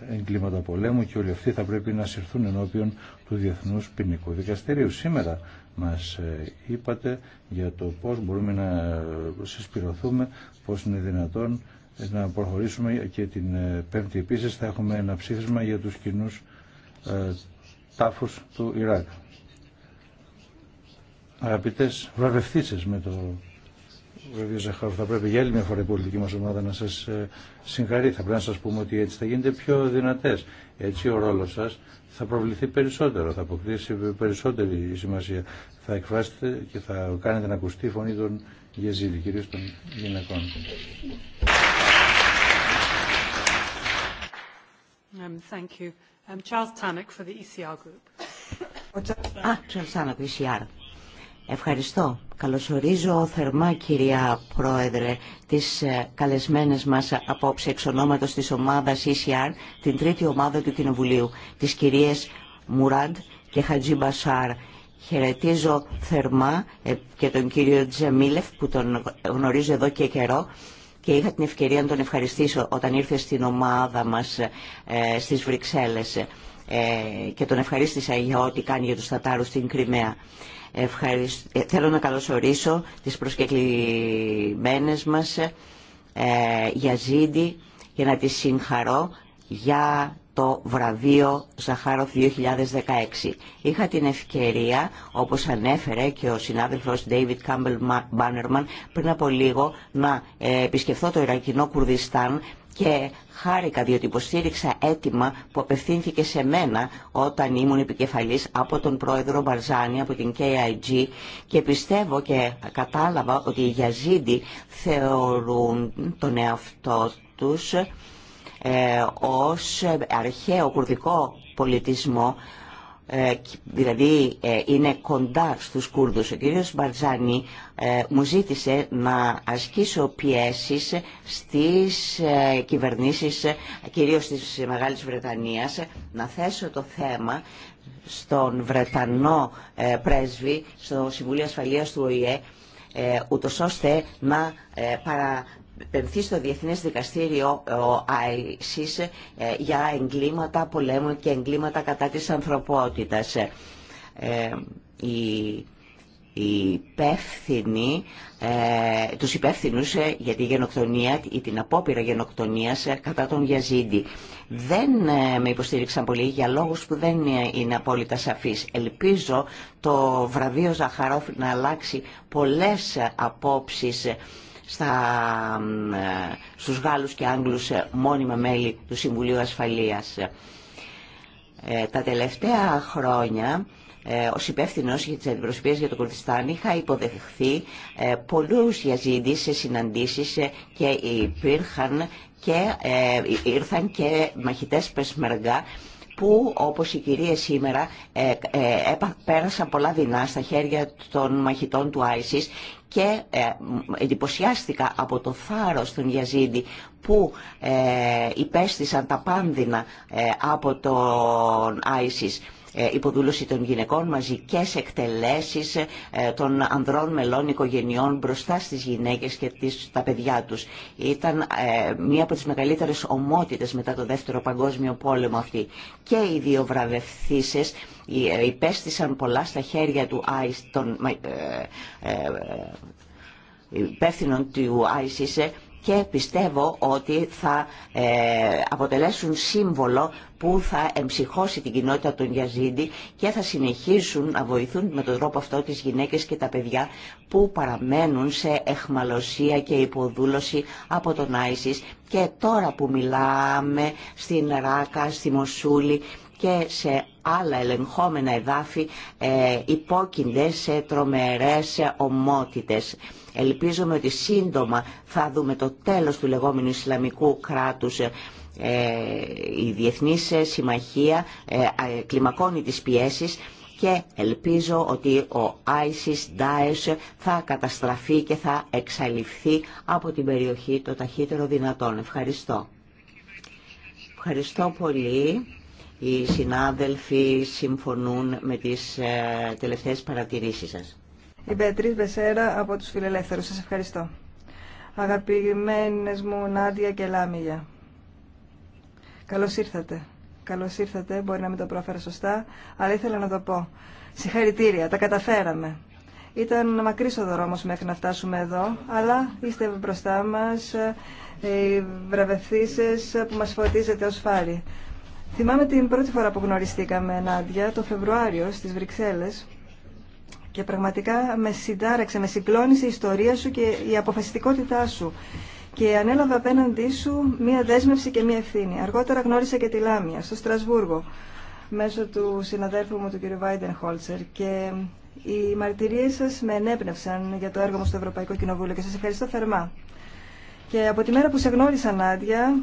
ε, εγκλήματα πολέμου και όλοι αυτοί θα πρέπει να συρθούν ενώπιον του Διεθνούς Ποινικού Δικαστηρίου. Σήμερα μας ε, είπατε για το πώς μπορούμε να συσπηρωθούμε, πώς είναι δυνατόν ε, να προχωρήσουμε και την ε, Πέμπτη επίσης θα έχουμε ένα ψήφισμα για τους κοινού ε, τάφους του Ιράκ. Αγαπητές βραβευθήσεις με το βραβείο Ζαχάρου θα πρέπει για άλλη μια φορά η πολιτική μας ομάδα να σας ε, συγχαρεί. Θα πρέπει να σας πούμε ότι έτσι θα γίνετε πιο δυνατές. Έτσι ο ρόλος σας θα προβληθεί περισσότερο, θα αποκτήσει περισσότερη σημασία. Θα εκφράσετε και θα κάνετε να ακουστεί η φωνή των ζήτη, κυρίως των γυναικών. Ευχαριστώ. Καλωσορίζω θερμά κυρία Πρόεδρε τις ε, καλεσμένες μας απόψε εξ ονόματος της ομάδας ECR, την τρίτη ομάδα του Κοινοβουλίου, τις κυρίες Μουράντ και Χατζή Μπασάρ Χαιρετίζω θερμά ε, και τον κύριο Τζεμίλεφ που τον γνωρίζω εδώ και καιρό και είχα την ευκαιρία να τον ευχαριστήσω όταν ήρθε στην ομάδα μας ε, στις Βρυξέλλες ε, και τον ευχαρίστησα για ό,τι κάνει για τους Τατάρους στην Κρυμαία. Θέλω να καλωσορίσω τις προσκεκλημένες μας για Ζήντη και να τις συγχαρώ για το βραβείο Ζαχάροφ 2016. Είχα την ευκαιρία, όπως ανέφερε και ο συνάδελφος David Campbell Bannerman πριν από λίγο, να ε, επισκεφθώ το Ιρακινό Κουρδιστάν και χάρηκα διότι υποστήριξα αίτημα που απευθύνθηκε σε μένα όταν ήμουν επικεφαλής από τον πρόεδρο Μπαρζάνη από την KIG και πιστεύω και κατάλαβα ότι οι Γιαζίδοι θεωρούν τον εαυτό τους ε, ως αρχαίο κουρδικό πολιτισμό ε, δηλαδή ε, είναι κοντά στους Κούρδους. Ο κύριος ε, μου ζήτησε να ασκήσω πιέσεις στις κυβερνήσεις, κυρίως της Μεγάλης Βρετανίας, να θέσω το θέμα στον Βρετανό πρέσβη στο Συμβούλιο Ασφαλείας του ΟΗΕ ούτως ώστε να παρα πενθεί στο Διεθνές Δικαστήριο ο ΑΕΣΙΣ ε, για εγκλήματα πολέμου και εγκλήματα κατά της ανθρωπότητας. Του ε, υπεύθυνου ε, τους υπεύθυνους ε, για τη γενοκτονία την απόπειρα γενοκτονίας κατά τον Γιαζίντη. Δεν με υποστήριξαν πολύ για λόγους που δεν είναι απόλυτα σαφείς. Ελπίζω το βραβείο Ζαχαρόφ να αλλάξει πολλές απόψεις στα, ε, στους Γάλλους και Άγγλους ε, μόνιμα μέλη του Συμβουλίου Ασφαλείας. Ε, τα τελευταία χρόνια ε, ως υπεύθυνο για τις για το Κουρδιστάν είχα υποδεχθεί ε, πολλούς γιαζίδεις σε συναντήσεις και υπήρχαν και, ήρθαν και μαχητές πεσμεργά που όπως οι κυρίες σήμερα πέρασαν πολλά δεινά στα χέρια των μαχητών του ISIS και ε, εντυπωσιάστηκα από το θάρρος των Γιαζίδη που ε, υπέστησαν τα πάνδυνα ε, από τον Άισις ε, υποδούλωση των γυναικών, μαζικές εκτελέσεις ε, των ανδρών μελών οικογενειών μπροστά στις γυναίκες και τις, τα παιδιά τους. Ήταν ε, μία από τις μεγαλύτερες ομότητες μετά το Δεύτερο Παγκόσμιο Πόλεμο αυτή. Και οι δύο βραβευθύσες υπέστησαν πολλά στα χέρια του των υπεύθυνων του και πιστεύω ότι θα ε, αποτελέσουν σύμβολο που θα εμψυχώσει την κοινότητα των Γιαζίντι και θα συνεχίσουν να βοηθούν με τον τρόπο αυτό τις γυναίκες και τα παιδιά που παραμένουν σε εχμαλωσία και υποδούλωση από τον Άισις και τώρα που μιλάμε στην Ράκα, στη Μοσούλη και σε άλλα ελεγχόμενα εδάφη ε, υπόκεινται σε τρομερές ομότητες. Ελπίζομαι ότι σύντομα θα δούμε το τέλος του λεγόμενου Ισλαμικού κράτους ε, η Διεθνής Συμμαχία ε, κλιμακώνει τις πιέσεις και ελπίζω ότι ο ISIS Daesh θα καταστραφεί και θα εξαλειφθεί από την περιοχή το ταχύτερο δυνατόν. Ευχαριστώ. Ευχαριστώ πολύ οι συνάδελφοι συμφωνούν με τις ε, τελευταίες παρατηρήσεις σας. Η Μπεατρής Μπεσέρα από τους Φιλελεύθερους. Σας ευχαριστώ. Αγαπημένες μου Νάντια και λάμια. Καλώς ήρθατε. Καλώς ήρθατε. Μπορεί να μην το πρόφερα σωστά, αλλά ήθελα να το πω. Συγχαρητήρια. Τα καταφέραμε. Ήταν μακρύς ο δρόμος μέχρι να φτάσουμε εδώ, αλλά είστε μπροστά μας ε, οι βραβευθύσεις που μας φωτίζετε ως φάρι. Θυμάμαι την πρώτη φορά που γνωριστήκαμε, Νάντια, το Φεβρουάριο στις Βρυξέλλες και πραγματικά με συντάραξε, με συγκλώνησε η ιστορία σου και η αποφασιστικότητά σου και ανέλαβε απέναντί σου μία δέσμευση και μία ευθύνη. Αργότερα γνώρισα και τη Λάμια στο Στρασβούργο μέσω του συναδέλφου μου του κ. Βάιντεν Χόλτσερ και οι μαρτυρίες σας με ενέπνευσαν για το έργο μου στο Ευρωπαϊκό Κοινοβούλιο και σας ευχαριστώ θερμά. Και από τη μέρα που σε γνώρισα, Νάντια,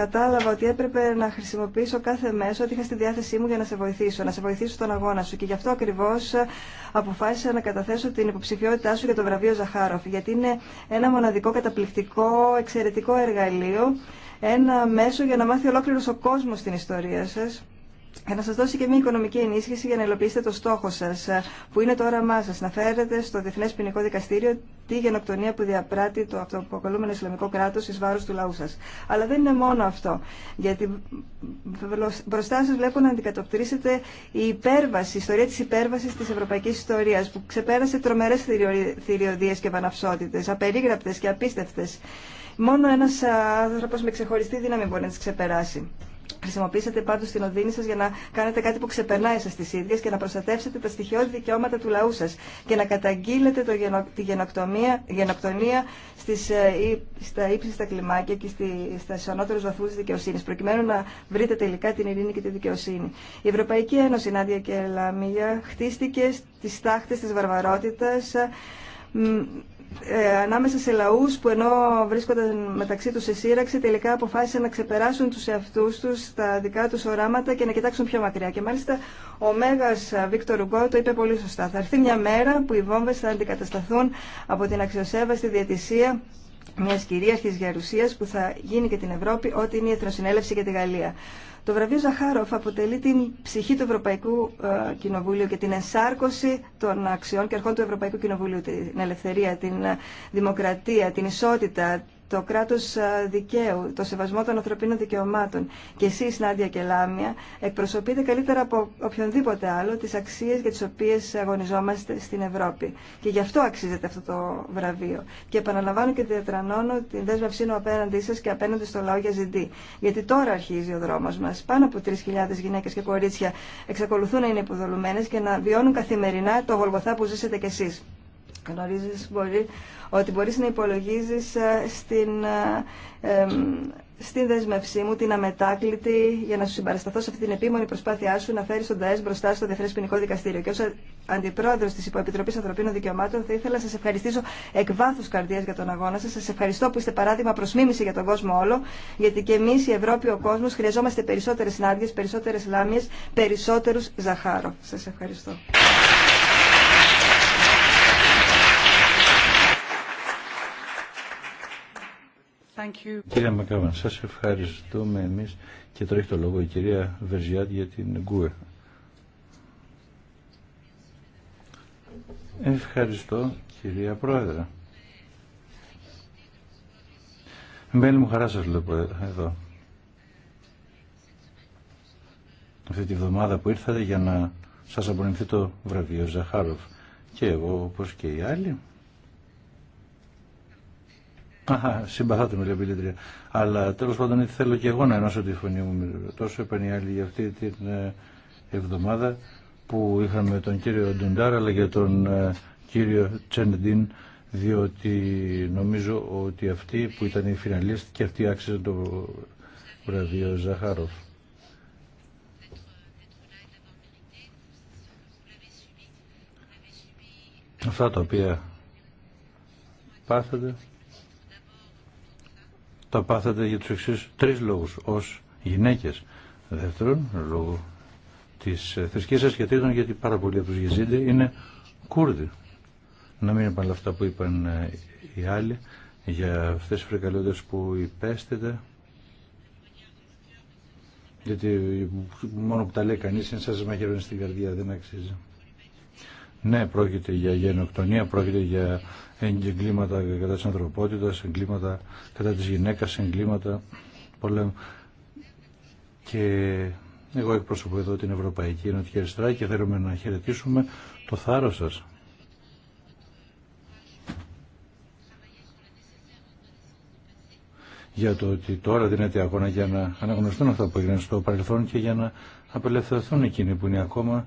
κατάλαβα ότι έπρεπε να χρησιμοποιήσω κάθε μέσο ότι είχα στη διάθεσή μου για να σε βοηθήσω, να σε βοηθήσω στον αγώνα σου. Και γι' αυτό ακριβώ ε, αποφάσισα να καταθέσω την υποψηφιότητά σου για το βραβείο Ζαχάροφ. Γιατί είναι ένα μοναδικό, καταπληκτικό, εξαιρετικό εργαλείο, ένα μέσο για να μάθει ολόκληρο ο κόσμο την ιστορία σα για ε, να σας δώσει και μια οικονομική ενίσχυση για να υλοποιήσετε το στόχο σας, ε, που είναι το όραμά σας, να φέρετε στο Διεθνές Ποινικό Δικαστήριο τη γενοκτονία που διαπράττει το αυτοαποκαλούμενο Ισλαμικό κράτος εις βάρος του λαού σας. Αλλά δεν είναι μόνο αυτό, γιατί μπροστά σας βλέπω να αντικατοπτρίσετε η υπέρβαση, η ιστορία της υπέρβασης της ευρωπαϊκής ιστορίας, που ξεπέρασε τρομερές θηριωδίες και βαναυσότητες, απερίγραπτες και απίστευτες. Μόνο ένας άνθρωπος με ξεχωριστή δύναμη μπορεί να τις ξεπεράσει χρησιμοποιήσατε πάντω την οδύνη σα για να κάνετε κάτι που ξεπερνάει εσάς τι ίδιε και να προστατεύσετε τα στοιχειώδη δικαιώματα του λαού σα και να καταγγείλετε το γενο, τη γενοκτονία στις, ε, στα ύψιστα κλιμάκια και στη, στα ισονότερους βαθμού τη δικαιοσύνη. προκειμένου να βρείτε τελικά την ειρήνη και τη δικαιοσύνη. Η Ευρωπαϊκή Ένωση, Νάντια και Λαμία, χτίστηκε στις τάχτες τη βαρβαρότητας ε, ανάμεσα σε λαούς που ενώ βρίσκονταν μεταξύ τους σε σύραξη τελικά αποφάσισαν να ξεπεράσουν τους εαυτούς τους τα δικά τους οράματα και να κοιτάξουν πιο μακριά. Και μάλιστα ο Μέγας Βίκτορ Ουγκό το είπε πολύ σωστά. Θα έρθει μια μέρα που οι βόμβες θα αντικατασταθούν από την αξιοσέβαστη διατησία κυρία τη Γερουσία που θα γίνει και την Ευρώπη ό,τι είναι η Εθνοσυνέλευση και τη Γαλλία. Το βραβείο Ζαχάροφ αποτελεί την ψυχή του Ευρωπαϊκού ε, Κοινοβουλίου και την ενσάρκωση των αξιών και αρχών του Ευρωπαϊκού Κοινοβουλίου. Την ελευθερία, την ε, δημοκρατία, την ισότητα, το κράτος ε, δικαίου, το σεβασμό των ανθρωπίνων δικαιωμάτων. Και εσείς, Νάντια και Λάμια, εκπροσωπείτε καλύτερα από οποιονδήποτε άλλο τις αξίες για τις οποίες αγωνιζόμαστε στην Ευρώπη. Και γι' αυτό αξίζεται αυτό το βραβείο. Και επαναλαμβάνω και διατρανώνω την δέσμευσή μου απέναντί σας και απέναντι στο λαό για ζητή. Γιατί τώρα αρχίζει ο δρόμος μας. Πάνω από 3.000 γυναίκες και κορίτσια εξακολουθούν να είναι υποδολουμένες και να βιώνουν καθημερινά το γολγοθά που ζήσετε κι εσείς. Γνωρίζεις μπορεί, ότι μπορείς να υπολογίζεις ε, στην, ε, στην δεσμευσή μου, την αμετάκλητη, για να σου συμπαρασταθώ σε αυτή την επίμονη προσπάθειά σου να φέρει τον ΤΑΕΣ μπροστά στο Διεθνέ Ποινικό Δικαστήριο. Και ω Αντιπρόεδρο τη Υποεπιτροπή Ανθρωπίνων Δικαιωμάτων, θα ήθελα να σα ευχαριστήσω εκ βάθου καρδία για τον αγώνα σα. Σα ευχαριστώ που είστε παράδειγμα προ για τον κόσμο όλο, γιατί και εμεί, η Ευρώπη, ο κόσμο, χρειαζόμαστε περισσότερε συνάντειε, περισσότερε λάμιε, περισσότερου Ζαχάρο. Σα ευχαριστώ. Κύριε Μακάβαν, σας ευχαριστούμε εμείς και τώρα έχει το λόγο η κυρία Βερζιάτ για την Γκουε. Ευχαριστώ κυρία Πρόεδρε. Μπαίνει μου χαρά σας λέω εδώ. Αυτή τη βδομάδα που ήρθατε για να σας απονεμηθεί το βραβείο Ζαχάροφ και εγώ όπως και οι άλλοι Συμπαθάτε με λέει Αλλά τέλο πάντων θέλω και εγώ να ενώσω τη φωνή μου. Τόσο άλλοι για αυτή την ε, εβδομάδα που είχαμε τον κύριο Ντουντάρα αλλά και τον ε, κύριο Τσέντιν διότι νομίζω ότι αυτοί που ήταν οι φιναλίστ και αυτοί άξιζαν το βραβείο Ζαχάροφ. Αυτά τα οποία πάθατε τα πάθατε για τους εξής τρεις λόγους ως γυναίκες. Δεύτερον, λόγω της ε, θρησκείας σας και τρίτον γιατί πάρα πολλοί από τους Γεζίντε είναι Κούρδοι. Να μην είπαν αυτά που είπαν ε, οι άλλοι για αυτές τις φρικαλότητες που υπέστητε γιατί μόνο που τα λέει κανείς είναι σαν σας μαχαιρώνει στην καρδιά, δεν αξίζει. Ναι, πρόκειται για γενοκτονία, πρόκειται για εγκλήματα κατά της ανθρωπότητας, εγκλήματα κατά της γυναίκας, εγκλήματα πολέμου. Και εγώ εκπροσωπώ εδώ την Ευρωπαϊκή Ενωτική Αριστερά και θέλουμε να χαιρετήσουμε το θάρρος σας. Για το ότι τώρα δίνεται αγώνα για να αναγνωριστούν αυτά που έγιναν στο παρελθόν και για να απελευθερωθούν εκείνοι που είναι ακόμα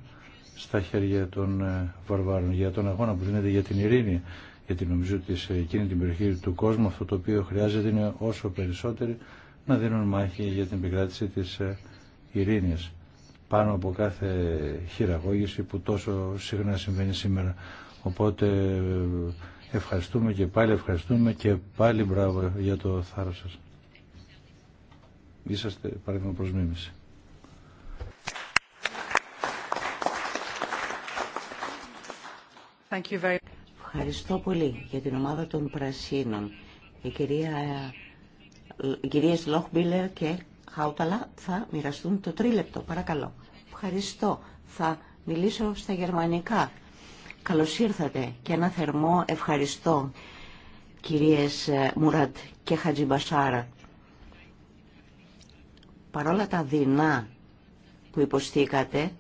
στα χέρια των ε, βαρβάρων, για τον αγώνα που δίνεται για την ειρήνη. Γιατί νομίζω ότι σε εκείνη την περιοχή του κόσμου αυτό το οποίο χρειάζεται είναι όσο περισσότεροι να δίνουν μάχη για την επικράτηση της ε, ειρήνης πάνω από κάθε χειραγώγηση που τόσο συχνά συμβαίνει σήμερα. Οπότε ε, ευχαριστούμε και πάλι ευχαριστούμε και πάλι μπράβο για το θάρρος σας. Είσαστε παράδειγμα προς μίμηση. Ευχαριστώ πολύ για την ομάδα των Πρασίνων. κυρία, οι κυρίες Λόχμπιλερ και Χάουταλα θα μοιραστούν το τρίλεπτο. Παρακαλώ. Ευχαριστώ. Θα μιλήσω στα γερμανικά. Καλώς ήρθατε και ένα θερμό ευχαριστώ κυρίες ε, Μουρατ και Χατζιμπασάρα. Παρόλα τα δεινά που υποστήκατε,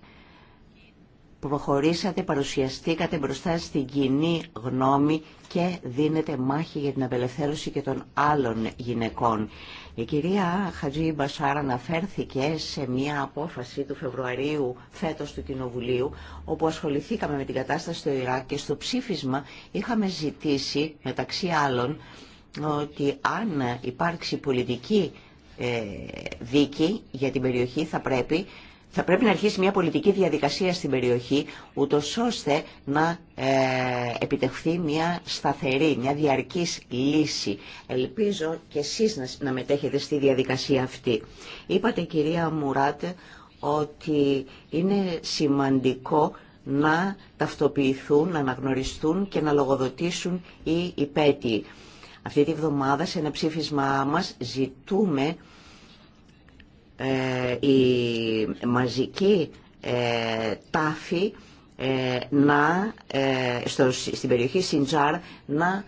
προχωρήσατε, παρουσιαστήκατε μπροστά στην κοινή γνώμη και δίνετε μάχη για την απελευθέρωση και των άλλων γυναικών. Η κυρία Χατζή Μπασάρα αναφέρθηκε σε μια απόφαση του Φεβρουαρίου φέτος του Κοινοβουλίου, όπου ασχοληθήκαμε με την κατάσταση στο Ιράκ και στο ψήφισμα είχαμε ζητήσει, μεταξύ άλλων, ότι αν υπάρξει πολιτική ε, δίκη για την περιοχή θα πρέπει θα πρέπει να αρχίσει μια πολιτική διαδικασία στην περιοχή, ούτω ώστε να ε, επιτευχθεί μια σταθερή, μια διαρκή λύση. Ελπίζω και εσείς να, μετέχετε στη διαδικασία αυτή. Είπατε κυρία Μουράτε ότι είναι σημαντικό να ταυτοποιηθούν, να αναγνωριστούν και να λογοδοτήσουν οι υπέτειοι. Αυτή τη βδομάδα σε ένα ψήφισμά μας ζητούμε ε, η μαζική ε, τάφη ε, να, στο, στην περιοχή Σιντζάρ να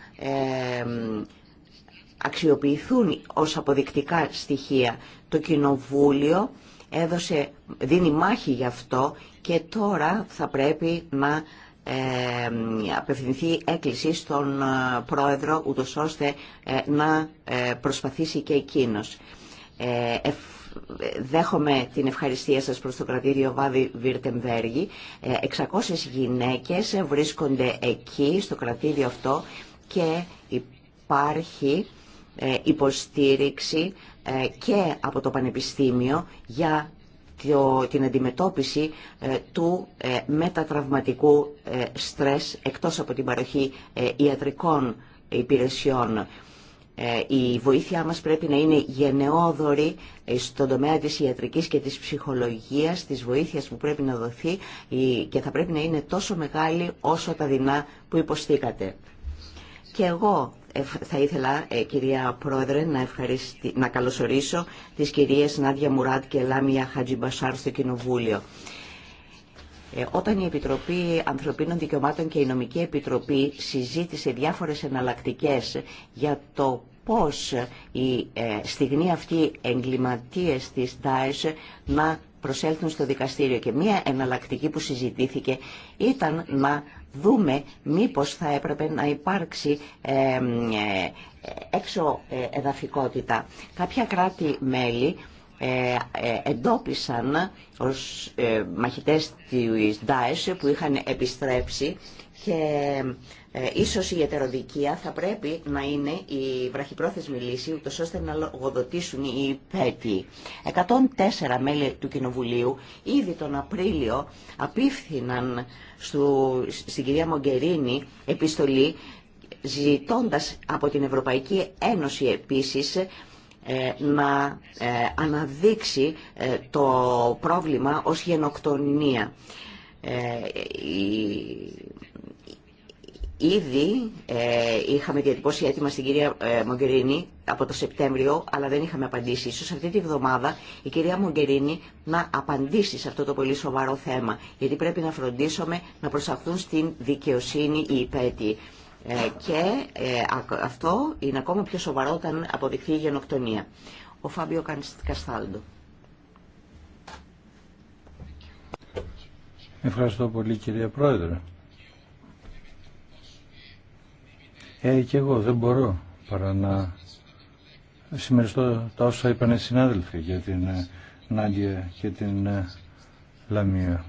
αξιοποιηθούν ως αποδεικτικά στοιχεία. Το Κοινοβούλιο έδωσε, δίνει μάχη γι' αυτό και τώρα θα πρέπει να απευθυνθεί έκκληση στον Πρόεδρο ούτως ώστε να προσπαθήσει και εκείνος. Ε, δέχομαι την ευχαριστία σας προς το κρατήριο Βάδη Βιρτεμβέργη. 600 ε, γυναίκες βρίσκονται εκεί, στο κρατήριο αυτό και υπάρχει ε, υποστήριξη ε, και από το Πανεπιστήμιο για την αντιμετώπιση του μετατραυματικού στρες εκτός από την παροχή ιατρικών υπηρεσιών. Ε, η βοήθειά μας πρέπει να είναι γενναιόδορη ε, στον τομέα της ιατρικής και της ψυχολογίας, της βοήθειας που πρέπει να δοθεί και θα πρέπει να είναι τόσο μεγάλη όσο τα δεινά που υποστήκατε. Και εγώ ε, θα ήθελα, κυρία Πρόεδρε, να, να καλωσορίσω τις κυρίες Νάντια Μουράτ και Λάμια Χατζιμπασάρ στο Κοινοβούλιο. Ε, όταν η Επιτροπή Ανθρωπίνων Δικαιωμάτων και η Νομική Επιτροπή συζήτησε διάφορες εναλλακτικές για το πώς η ε, στιγμή αυτή εγκληματίες της ΤΑΕΣ να προσέλθουν στο δικαστήριο και μία εναλλακτική που συζητήθηκε ήταν να δούμε μήπως θα έπρεπε να υπάρξει ε, έξω εδαφικότητα. Κάποια κράτη-μέλη ε, ε, εντόπισαν ως ε, μαχητές της ΔΑΕΣ που είχαν επιστρέψει και ίσως η ετεροδικία θα πρέπει να είναι η βραχυπρόθεσμη λύση ούτως ώστε να λογοδοτήσουν οι υπέτοιοι. 104 μέλη του Κοινοβουλίου ήδη τον Απρίλιο απίφθηναν στην κυρία Μογκερίνη επιστολή ζητώντας από την Ευρωπαϊκή Ένωση επίσης ε, να ε, αναδείξει ε, το πρόβλημα ως γενοκτονία. Ήδη είχαμε διατυπώσει έτοιμα στην κυρία Μογκερίνη από το Σεπτέμβριο, αλλά δεν είχαμε απαντήσει. Ίσως αυτή τη βδομάδα η κυρία Μογκερίνη να απαντήσει σε αυτό το πολύ σοβαρό θέμα, γιατί πρέπει να φροντίσουμε να προσαχθούν στην δικαιοσύνη οι υπέτειοι. Ε, και ε, αυτό είναι ακόμα πιο σοβαρό όταν αποδειχθεί η γενοκτονία. Ο Φάμπιο Καστάλντο. Ευχαριστώ πολύ κυρία Πρόεδρε. Ε, και εγώ δεν μπορώ παρά να συμμεριστώ τα όσα είπαν οι συνάδελφοι για την ε, Νάντια και την Λαμία.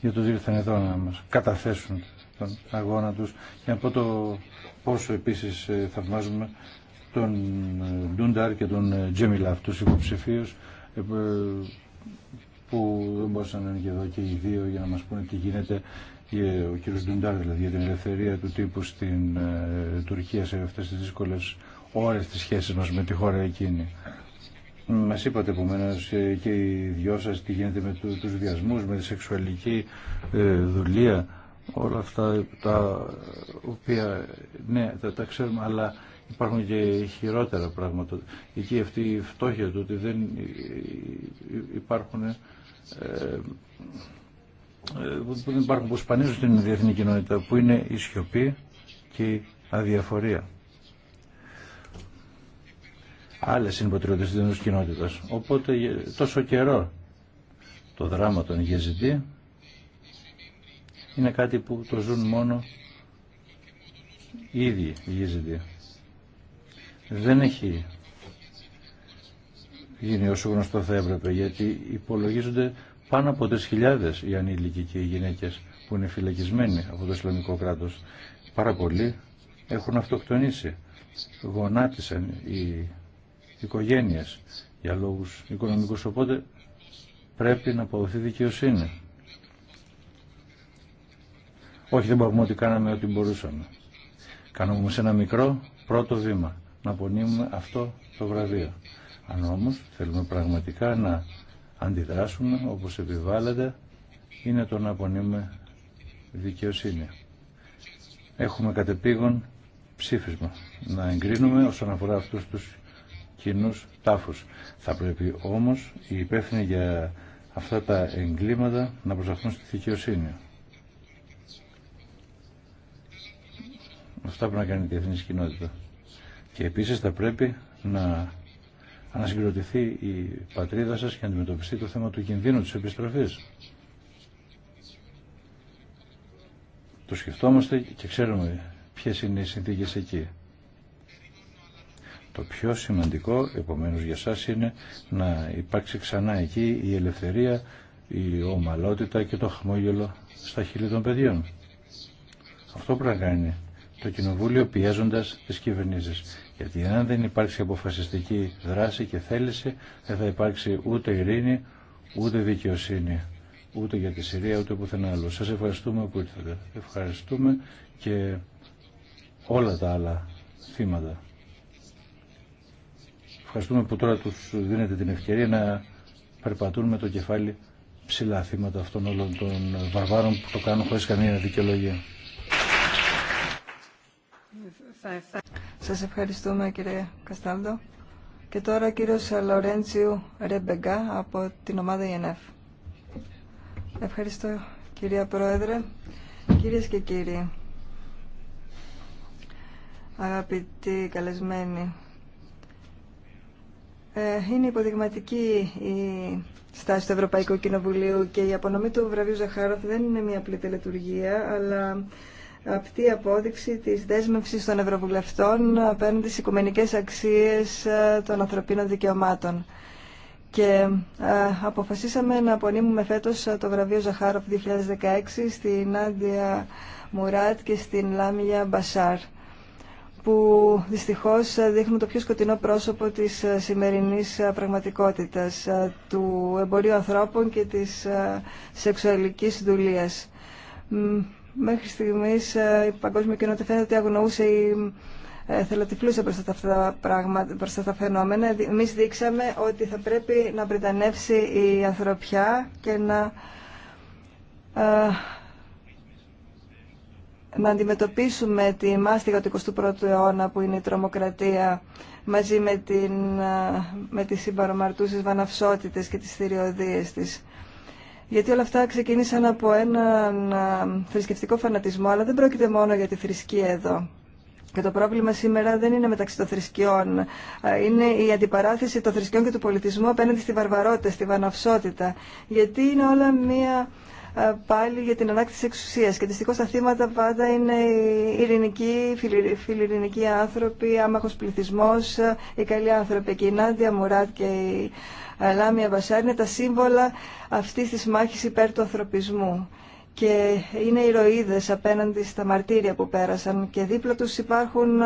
Για το ήρθαν εδώ να μας καταθέσουν τον αγώνα τους και να πω το πόσο επίσης ε, θαυμάζουμε τον ε, Ντούνταρ και τον ε, Τζέμιλαφ, τους υποψηφίου που δεν μπορούσαν να είναι και εδώ και οι δύο για να μας πούνε τι γίνεται ο κύριος Ντουντάρ δηλαδή για την ελευθερία του τύπου στην Τουρκία σε αυτές τις δύσκολες ώρες της σχέσης μας με τη χώρα εκείνη. Μα είπατε επομένω και οι δυο σα τι γίνεται με του βιασμού, με τη σεξουαλική δουλεία όλα αυτά τα οποία ναι τα, ξέρουμε αλλά υπάρχουν και χειρότερα πράγματα εκεί αυτή η φτώχεια του ότι δεν υπάρχουν ε, που ε, δεν υπάρχουν που σπανίζουν στην διεθνή κοινότητα που είναι η σιωπή και η αδιαφορία άλλες είναι πατριώτες της κοινότητας οπότε ε, τόσο καιρό το δράμα των Γεζιτή είναι κάτι που το ζουν μόνο οι ίδιοι οι Δεν έχει γίνει όσο γνωστό θα έπρεπε, γιατί υπολογίζονται πάνω από 3.000 οι ανήλικοι και οι γυναίκες που είναι φυλακισμένοι από το Ισλαμικό κράτος. Πάρα πολλοί έχουν αυτοκτονήσει. Γονάτισαν οι οικογένειες για λόγους οικονομικούς, οπότε πρέπει να αποδοθεί δικαιοσύνη. Όχι δεν μπορούμε ότι κάναμε ό,τι μπορούσαμε. Κάνουμε όμως ένα μικρό πρώτο βήμα να απονείμουμε αυτό το βραβείο. Αν όμως θέλουμε πραγματικά να αντιδράσουμε όπως επιβάλλεται είναι το να απονείμουμε δικαιοσύνη. Έχουμε κατεπήγον ψήφισμα να εγκρίνουμε όσον αφορά αυτούς τους κοινού τάφους. Θα πρέπει όμως οι υπεύθυνοι για αυτά τα εγκλήματα να προσταθούν στη δικαιοσύνη. Αυτά πρέπει να κάνει η διεθνή κοινότητα. Και επίσης θα πρέπει να ανασυγκροτηθεί η πατρίδα σα και να αντιμετωπιστεί το θέμα του κινδύνου τη επιστροφή. Το σκεφτόμαστε και ξέρουμε ποιε είναι οι συνθήκε εκεί. Το πιο σημαντικό, επομένως για σας, είναι να υπάρξει ξανά εκεί η ελευθερία, η ομαλότητα και το χαμόγελο στα χείλη των παιδιών. Αυτό πρέπει να κάνει το Κοινοβούλιο πιέζοντας τις κυβερνήσεις. Γιατί αν δεν υπάρξει αποφασιστική δράση και θέληση δεν θα υπάρξει ούτε ειρήνη, ούτε δικαιοσύνη. Ούτε για τη Συρία, ούτε πουθενά άλλο. Σας ευχαριστούμε που ήρθατε. Ευχαριστούμε και όλα τα άλλα θύματα. Ευχαριστούμε που τώρα τους δίνετε την ευκαιρία να περπατούν με το κεφάλι ψηλά θύματα αυτών όλων των βαρβάρων που το κάνουν χωρίς καμία δικαιολογία. Σας ευχαριστούμε κύριε Καστάλτο. Και τώρα ο κύριος Λορέντσιου Ρεμπεγκά από την ομάδα ΙΕΝΕΦ. Ευχαριστώ κυρία Πρόεδρε, κυρίες και κύριοι, αγαπητοί καλεσμένοι. Ε, είναι υποδειγματική η στάση του Ευρωπαϊκού Κοινοβουλίου και η απονομή του βραβείου Ζαχάροφ δεν είναι μια απλή τελετουργία, αλλά αυτή η απόδειξη της δέσμευσης των Ευρωβουλευτών απέναντι στις οικουμενικές αξίες ε, των ανθρωπίνων δικαιωμάτων. Και ε, αποφασίσαμε να απονείμουμε φέτος ε, το βραβείο Ζαχάροφ 2016 στην Άντια Μουράτ και στην Λάμια Μπασάρ που δυστυχώς δείχνουν το πιο σκοτεινό πρόσωπο της σημερινής πραγματικότητας του εμπορίου ανθρώπων και της σεξουαλικής δουλείας. Μέχρι στιγμής ε, η παγκόσμια κοινότητα φαίνεται ότι αγνοούσε η ε, θελοτυφλούσε προς τα, πράγματα, προς τα φαινόμενα. Εμεί δείξαμε ότι θα πρέπει να πρετανεύσει η ανθρωπιά και να, ε, να αντιμετωπίσουμε τη μάστιγα του 21ου αιώνα που είναι η τρομοκρατία μαζί με, την, με τις συμπαρομαρτούσες βαναυσότητες και τις θηριωδίες της γιατί όλα αυτά ξεκίνησαν από έναν θρησκευτικό φανατισμό, αλλά δεν πρόκειται μόνο για τη θρησκεία εδώ. Και το πρόβλημα σήμερα δεν είναι μεταξύ των θρησκειών. Είναι η αντιπαράθεση των θρησκειών και του πολιτισμού απέναντι στη βαρβαρότητα, στη βαναυσότητα. Γιατί είναι όλα μία πάλι για την ανάκτηση εξουσίας. Και δυστυχώς τα θύματα πάντα είναι οι ειρηνικοί, φιλοιρηνικοί άνθρωποι, άμαχος πληθυσμός, οι καλοί άνθρωποι. Και η Νάντια Μουράτ και η Λάμια βασάρ είναι τα σύμβολα αυτής της μάχης υπέρ του ανθρωπισμού και είναι ηρωίδες απέναντι στα μαρτύρια που πέρασαν και δίπλα τους υπάρχουν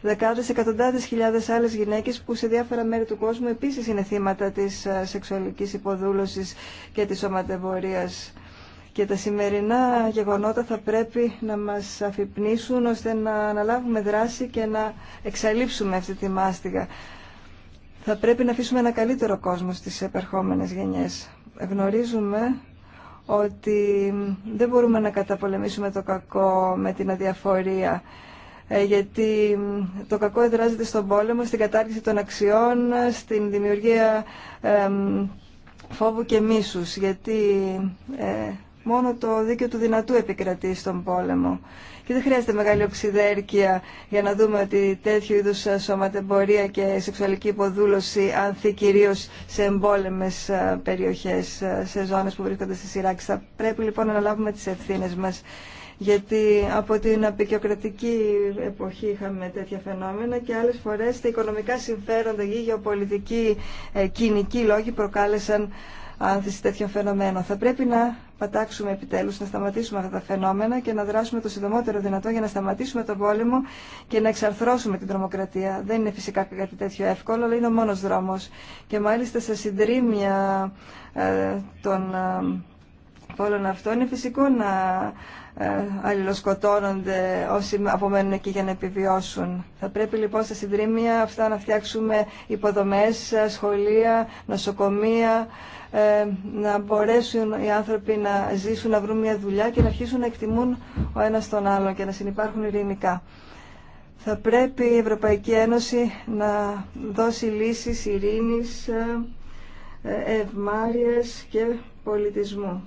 δεκάδες, εκατοντάδες χιλιάδες άλλες γυναίκες που σε διάφορα μέρη του κόσμου επίσης είναι θύματα της σεξουαλικής υποδούλωσης και της σωματεβορίας. Και τα σημερινά γεγονότα θα πρέπει να μας αφυπνήσουν ώστε να αναλάβουμε δράση και να εξαλείψουμε αυτή τη μάστιγα. Θα πρέπει να αφήσουμε ένα καλύτερο κόσμο στις επερχόμενες γενιές. Γνωρίζουμε ότι δεν μπορούμε να καταπολεμήσουμε το κακό με την αδιαφορία ε, γιατί το κακό εδράζεται στον πόλεμο, στην κατάργηση των αξιών, στην δημιουργία φόβου και μίσους γιατί ε, μόνο το δίκαιο του δυνατού επικρατεί στον πόλεμο. Και δεν χρειάζεται μεγάλη οξυδέρκεια για να δούμε ότι τέτοιου είδους σωματεμπορία και σεξουαλική υποδούλωση ανθεί κυρίω σε εμπόλεμες ε, περιοχές, ε, σε ζώνες που βρίσκονται στη σειράξη. Θα πρέπει λοιπόν να αναλάβουμε τις ευθύνες μας γιατί από την απεικιοκρατική εποχή είχαμε τέτοια φαινόμενα και άλλες φορές τα οικονομικά συμφέροντα ή γεωπολιτικοί ε, κοινικοί λόγοι προκάλεσαν άνθηση τέτοιων φαινομένων. Θα πρέπει να πατάξουμε επιτέλου να σταματήσουμε αυτά τα φαινόμενα και να δράσουμε το συντομότερο δυνατό για να σταματήσουμε τον πόλεμο και να εξαρθρώσουμε την τρομοκρατία. Δεν είναι φυσικά κάτι τέτοιο εύκολο, αλλά είναι ο μόνος δρόμος. Και μάλιστα σε συντρίμια ε, των ε, πόλων αυτών είναι φυσικό να ε, αλληλοσκοτώνονται όσοι απομένουν εκεί για να επιβιώσουν. Θα πρέπει λοιπόν στα συντρίμια αυτά να φτιάξουμε υποδομές, σχολεία, νοσοκομεία, ε, να μπορέσουν οι άνθρωποι να ζήσουν, να βρουν μια δουλειά και να αρχίσουν να εκτιμούν ο ένας τον άλλο και να συνεπάρχουν ειρηνικά. Θα πρέπει η Ευρωπαϊκή Ένωση να δώσει λύσεις ειρήνης, ε, ευμάρειας και πολιτισμού.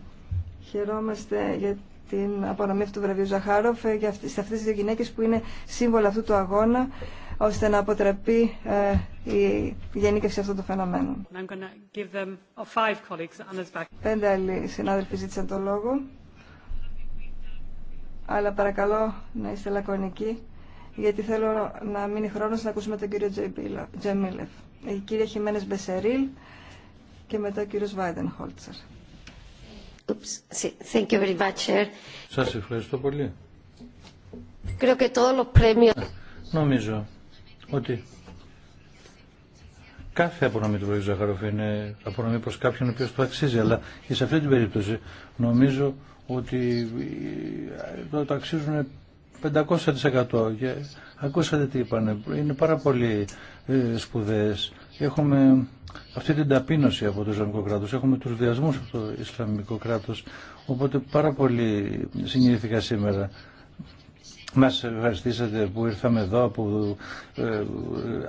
Χαιρόμαστε για την απονομή αυτού του βραβείου Ζαχάροφ ε, για αυτές, σε αυτές τις δύο γυναίκες που είναι σύμβολα αυτού του αγώνα ώστε να αποτραπεί ε, η γενίκευση αυτών των φαινομένων. Uh, Πέντε άλλοι συνάδελφοι ζήτησαν το λόγο, αλλά παρακαλώ να είστε λακωνικοί, γιατί θέλω να μείνει χρόνος να ακούσουμε τον κύριο Τζεμίλεφ. Η κυρία Χιμένες Μπεσερίλ και μετά ο κύριος Βάιντεν Χόλτσερ. Σας ευχαριστώ πολύ. Νομίζω ότι κάθε απονομή του Βορείου Ζαχαροφ είναι απονομή προς κάποιον ο οποίος το αξίζει, αλλά και σε αυτή την περίπτωση νομίζω ότι ε, το, αξίζουν 500% και ακούσατε τι είπανε, είναι πάρα πολύ ε, Έχουμε αυτή την ταπείνωση από το Ισλαμικό κράτος, έχουμε τους διασμούς από το Ισλαμικό κράτος, οπότε πάρα πολύ συγκινήθηκα σήμερα μας ευχαριστήσατε που ήρθαμε εδώ, που ε,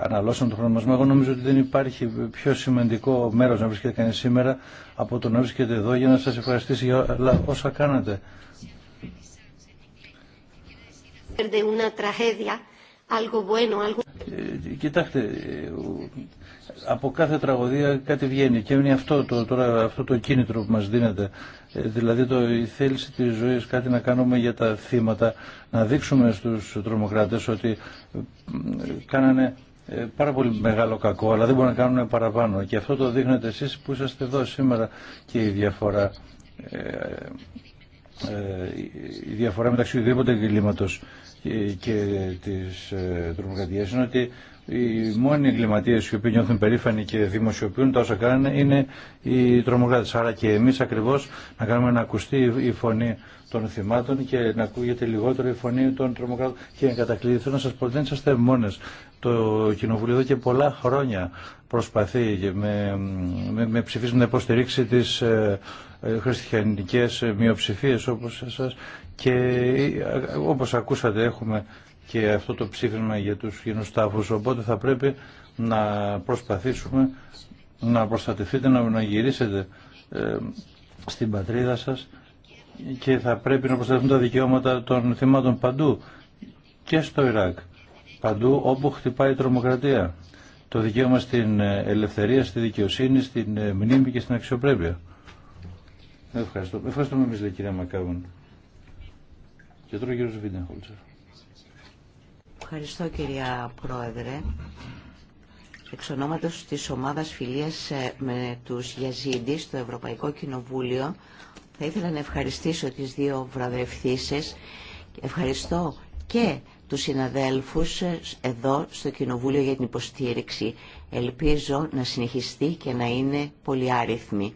αναλώσαμε το χρόνο μας. Μα εγώ νομίζω ότι δεν υπάρχει πιο σημαντικό μέρος να βρίσκεται κανείς σήμερα από το να βρίσκεται εδώ για να σας ευχαριστήσει για όλα όσα κάνατε. Ε, κοιτάξτε, ε, από κάθε τραγωδία κάτι βγαίνει και είναι αυτό το, τώρα, αυτό το κίνητρο που μας δίνεται ε, δηλαδή το, η θέληση της ζωής κάτι να κάνουμε για τα θύματα, να δείξουμε στους τρομοκράτες ότι κάνανε ε, πάρα πολύ μεγάλο κακό, αλλά δεν μπορούν να κάνουν παραπάνω. Και αυτό το δείχνετε εσείς που είσαστε εδώ σήμερα και η διαφορά, ε, η διαφορά μεταξύ οδήποτε εγκλήματος και της τρομοκρατίας είναι ότι οι μόνοι εγκληματίε οι οποίοι νιώθουν περήφανοι και δημοσιοποιούν τα όσα κάνουν είναι οι τρομοκράτε. Άρα και εμεί ακριβώ να κάνουμε να ακουστεί η φωνή των θυμάτων και να ακούγεται λιγότερο η φωνή των τρομοκράτων. Και να κατακλείδη να σα πω δεν είσαστε μόνε. Το Κοινοβούλιο εδώ και πολλά χρόνια προσπαθεί με, με, με ψηφίσμα να υποστηρίξει τι ε, ε, χριστιανικέ μειοψηφίε όπω Και ε, ε, όπως όπω ακούσατε έχουμε και αυτό το ψήφισμα για τους γενοστάφους. Οπότε θα πρέπει να προσπαθήσουμε να προστατευτείτε, να γυρίσετε ε, στην πατρίδα σας και θα πρέπει να προστατεύουμε τα δικαιώματα των θυμάτων παντού και στο Ιράκ, παντού όπου χτυπάει η τρομοκρατία. Το δικαίωμα στην ε, ελευθερία, στη δικαιοσύνη, στην ε, μνήμη και στην αξιοπρέπεια. Ευχαριστώ. Ευχαριστούμε εμείς, λέει κυρία Μακάβων. Και τώρα ο κύριος Χόλτσερ. Ευχαριστώ κυρία Πρόεδρε. Εξ ονόματος της ομάδας φιλίας ε, με τους Γιαζίντις στο Ευρωπαϊκό Κοινοβούλιο θα ήθελα να ευχαριστήσω τις δύο βραδευθύσεις. Ευχαριστώ και τους συναδέλφους ε, εδώ στο Κοινοβούλιο για την υποστήριξη. Ελπίζω να συνεχιστεί και να είναι πολυάριθμη.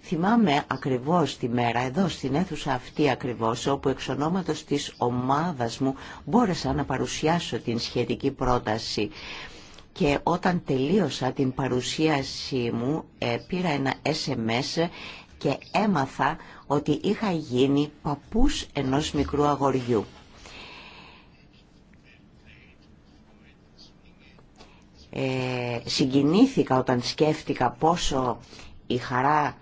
Θυμάμαι ακριβώς τη μέρα, εδώ στην αίθουσα αυτή ακριβώς, όπου εξ ονόματος της ομάδας μου μπόρεσα να παρουσιάσω την σχετική πρόταση. Και όταν τελείωσα την παρουσίαση μου, ε, πήρα ένα SMS και έμαθα ότι είχα γίνει παππούς ενός μικρού αγοριού. Ε, συγκινήθηκα όταν σκέφτηκα πόσο η χαρά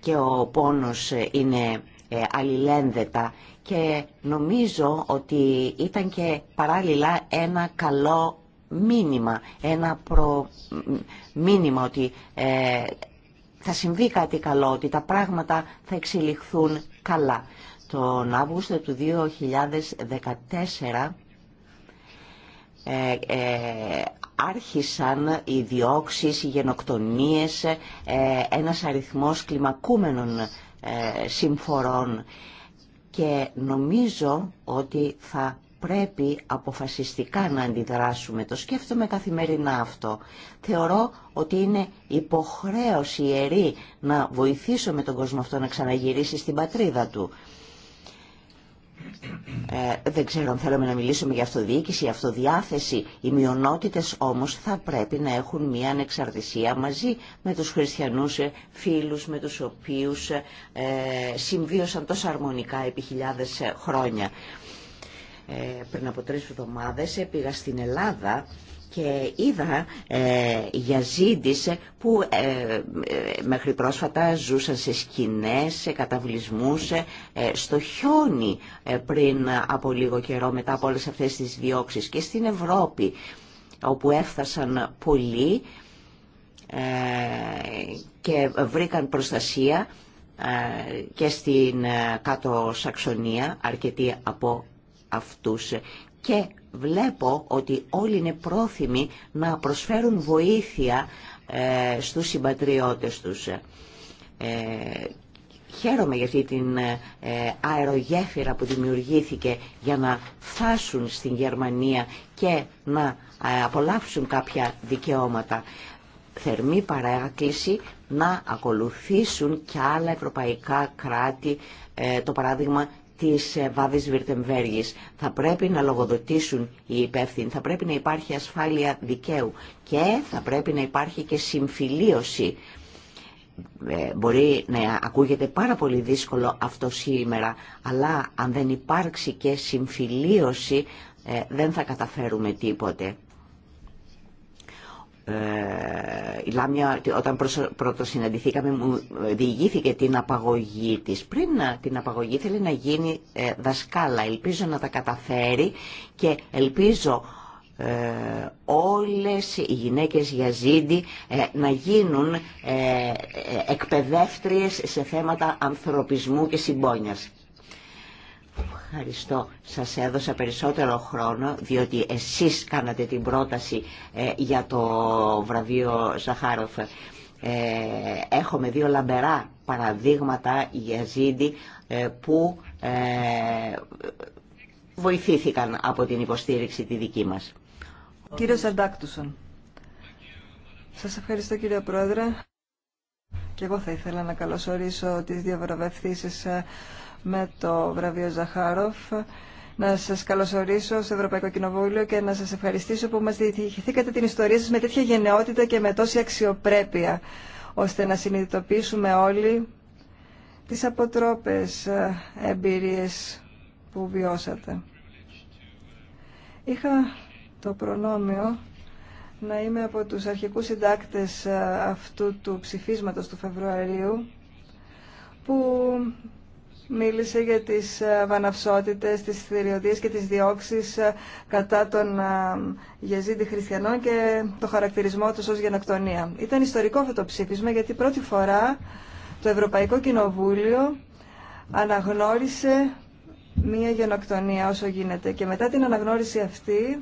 και ο πόνος είναι ε, αλληλένδετα και νομίζω ότι ήταν και παράλληλα ένα καλό μήνυμα, ένα προ... μήνυμα ότι ε, θα συμβεί κάτι καλό, ότι τα πράγματα θα εξελιχθούν καλά. Τον Αύγουστο του 2014 ε, ε, άρχισαν οι διώξεις, οι γενοκτονίες, ε, ένας αριθμός κλιμακούμενων ε, συμφορών και νομίζω ότι θα πρέπει αποφασιστικά να αντιδράσουμε. Το σκέφτομαι καθημερινά αυτό. Θεωρώ ότι είναι υποχρέωση ιερή να βοηθήσουμε τον κόσμο αυτό να ξαναγυρίσει στην πατρίδα του. Ε, δεν ξέρω αν θέλουμε να μιλήσουμε για αυτοδιοίκηση, για αυτοδιάθεση. Οι μειονότητε όμως θα πρέπει να έχουν μια ανεξαρτησία μαζί με τους χριστιανούς ε, φίλους με τους οποίους ε, συμβίωσαν τόσο αρμονικά επί ε, χρόνια. Ε, πριν από τρει εβδομάδε ε, πήγα στην Ελλάδα και είδα ε, που ε, μέχρι πρόσφατα ζούσαν σε σκηνές, σε καταβλισμούς, ε, στο χιόνι ε, πριν από λίγο καιρό μετά από όλες αυτές τις διώξεις και στην Ευρώπη όπου έφτασαν πολλοί και βρήκαν προστασία και στην κάτω Σαξονία αρκετοί από αυτούς και βλέπω ότι όλοι είναι πρόθυμοι να προσφέρουν βοήθεια ε, στους συμπατριώτες τους. Ε, χαίρομαι για αυτή την ε, αερογέφυρα που δημιουργήθηκε για να φτάσουν στην Γερμανία και να απολαύσουν κάποια δικαιώματα. Θερμή παράκληση να ακολουθήσουν και άλλα ευρωπαϊκά κράτη το παράδειγμα της ε, Βάδης Βιρτεμβέργης. Θα πρέπει να λογοδοτήσουν οι υπεύθυνοι, θα πρέπει να υπάρχει ασφάλεια δικαίου και θα πρέπει να υπάρχει και συμφιλίωση. Ε, μπορεί να ακούγεται πάρα πολύ δύσκολο αυτό σήμερα, αλλά αν δεν υπάρξει και συμφιλίωση ε, δεν θα καταφέρουμε τίποτε. Ε, η Λάμια όταν συναντηθήκαμε μου διηγήθηκε την απαγωγή της. Πριν την απαγωγή θέλει να γίνει ε, δασκάλα. Ελπίζω να τα καταφέρει και ελπίζω ε, όλες οι γυναίκες για ζήτη ε, να γίνουν ε, εκπαιδεύτριες σε θέματα ανθρωπισμού και συμπόνιας. Ευχαριστώ. Σας έδωσα περισσότερο χρόνο, διότι εσείς κάνατε την πρόταση ε, για το βραβείο Ζαχάροφ. Ε, έχουμε δύο λαμπερά παραδείγματα για ζήτη ε, που ε, βοηθήθηκαν από την υποστήριξη τη δική μας. Κύριος Αντάκτουσον, σας ευχαριστώ κύριε Πρόεδρε. Και εγώ θα ήθελα να καλωσορίσω τις διαβραβευθήσεις με το βραβείο Ζαχάροφ. Να σας καλωσορίσω στο Ευρωπαϊκό Κοινοβούλιο και να σας ευχαριστήσω που μας διηγηθήκατε την ιστορία σας με τέτοια γενναιότητα και με τόση αξιοπρέπεια, ώστε να συνειδητοποιήσουμε όλοι τις αποτρόπες ε, εμπειρίες που βιώσατε. Είχα το προνόμιο να είμαι από τους αρχικούς συντάκτες ε, αυτού του ψηφίσματος του Φεβρουαρίου που μίλησε για τις ε, βαναυσότητες, τις θηριωδίες και τις διώξεις ε, κατά των ε, γεζίδι χριστιανών και το χαρακτηρισμό τους ως γενοκτονία. Ήταν ιστορικό αυτό το ψήφισμα γιατί πρώτη φορά το Ευρωπαϊκό Κοινοβούλιο αναγνώρισε μία γενοκτονία όσο γίνεται και μετά την αναγνώριση αυτή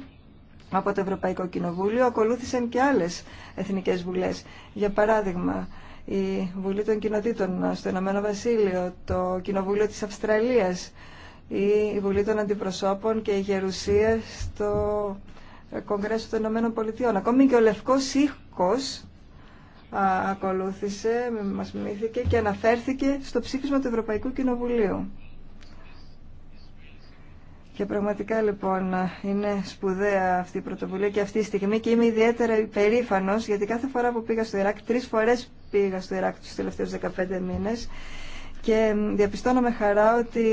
από το Ευρωπαϊκό Κοινοβούλιο ακολούθησαν και άλλες εθνικές βουλές. Για παράδειγμα, η Βουλή των Κοινοτήτων στο Ηνωμένο Βασίλειο, το Κοινοβούλιο της Αυστραλίας ή η βουλη των Αντιπροσώπων και η Γερουσία στο Κογκρέσο των Ηνωμένων Πολιτειών. Ακόμη και ο Λευκός Ήχκος ακολούθησε, μας μιμήθηκε και αναφέρθηκε στο ψήφισμα του Ευρωπαϊκού Κοινοβουλίου. Και πραγματικά λοιπόν είναι σπουδαία αυτή η πρωτοβουλία και αυτή η στιγμή και είμαι ιδιαίτερα υπερήφανο γιατί κάθε φορά που πήγα στο Ιράκ, τρει φορέ πήγα στο Ιράκ του τελευταίου 15 μήνε και διαπιστώνω με χαρά ότι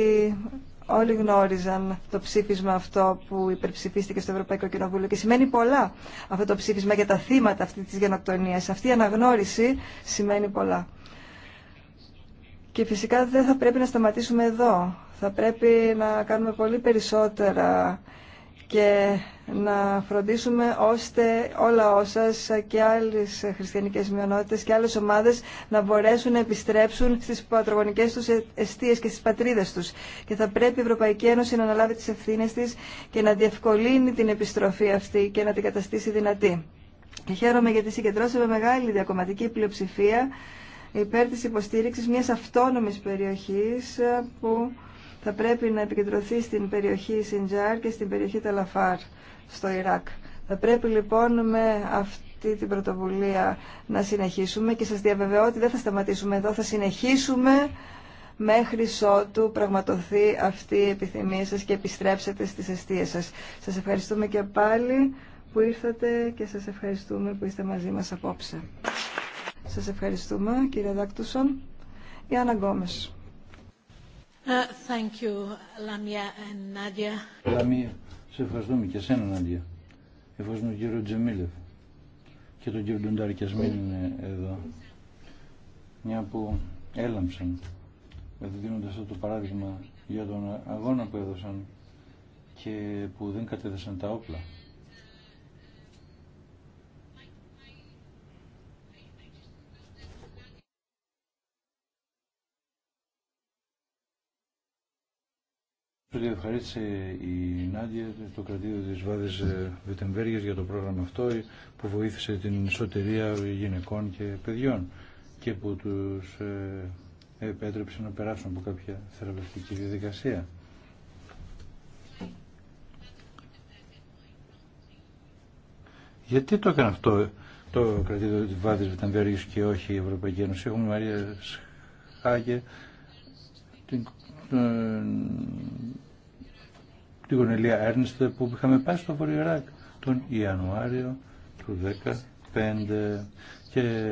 όλοι γνώριζαν το ψήφισμα αυτό που υπερψηφίστηκε στο Ευρωπαϊκό Κοινοβούλιο και σημαίνει πολλά αυτό το ψήφισμα για τα θύματα αυτή τη γενοκτονία. Αυτή η αναγνώριση σημαίνει πολλά. Και φυσικά δεν θα πρέπει να σταματήσουμε εδώ. Θα πρέπει να κάνουμε πολύ περισσότερα και να φροντίσουμε ώστε όλα όσα και άλλες χριστιανικές μειονότητες και άλλες ομάδες να μπορέσουν να επιστρέψουν στις πατρογονικές τους αιστείες και στις πατρίδες τους. Και θα πρέπει η Ευρωπαϊκή Ένωση να αναλάβει τις ευθύνες της και να διευκολύνει την επιστροφή αυτή και να την καταστήσει δυνατή. Και χαίρομαι γιατί συγκεντρώσαμε μεγάλη διακομματική πλειοψηφία υπέρ της υποστήριξης μιας αυτόνομης περιοχής που θα πρέπει να επικεντρωθεί στην περιοχή Σιντζάρ και στην περιοχή Ταλαφάρ, στο Ιράκ. Θα πρέπει λοιπόν με αυτή την πρωτοβουλία να συνεχίσουμε και σας διαβεβαιώ ότι δεν θα σταματήσουμε εδώ, θα συνεχίσουμε μέχρι ότου πραγματοθεί αυτή η επιθυμία σας και επιστρέψετε στις αιστείες σας. Σας ευχαριστούμε και πάλι που ήρθατε και σας ευχαριστούμε που είστε μαζί μας απόψε. Σας ευχαριστούμε κύριε Δάκτουσον. Η Γκόμες. Λαμία, ε, σε ευχαριστούμε και σένα, Νάντια. Ευχαριστούμε τον κύριο Τζεμίλεφ και τον κύριο Ντοντάρη και είναι εδώ. Μια που έλαμψαν, δίνοντα αυτό το παράδειγμα για τον αγώνα που έδωσαν και που δεν κατέδεσαν τα όπλα. Ότι ευχαρίστησε η Νάντια το κρατήριο της Βάδης ε, Βιτεμβέργη για το πρόγραμμα αυτό ε, που βοήθησε την σωτηρία γυναικών και παιδιών και που τους ε, επέτρεψε να περάσουν από κάποια θεραπευτική διαδικασία. Γιατί το έκανε αυτό το κρατήριο της Βάδης Βιτεμβέργη και όχι η Ευρωπαϊκή Ένωση. Έχουμε Μαρία Σχάγε την την Κονελία Έρνστε που είχαμε πάει στο Βορειο τον Ιανουάριο του 2015 και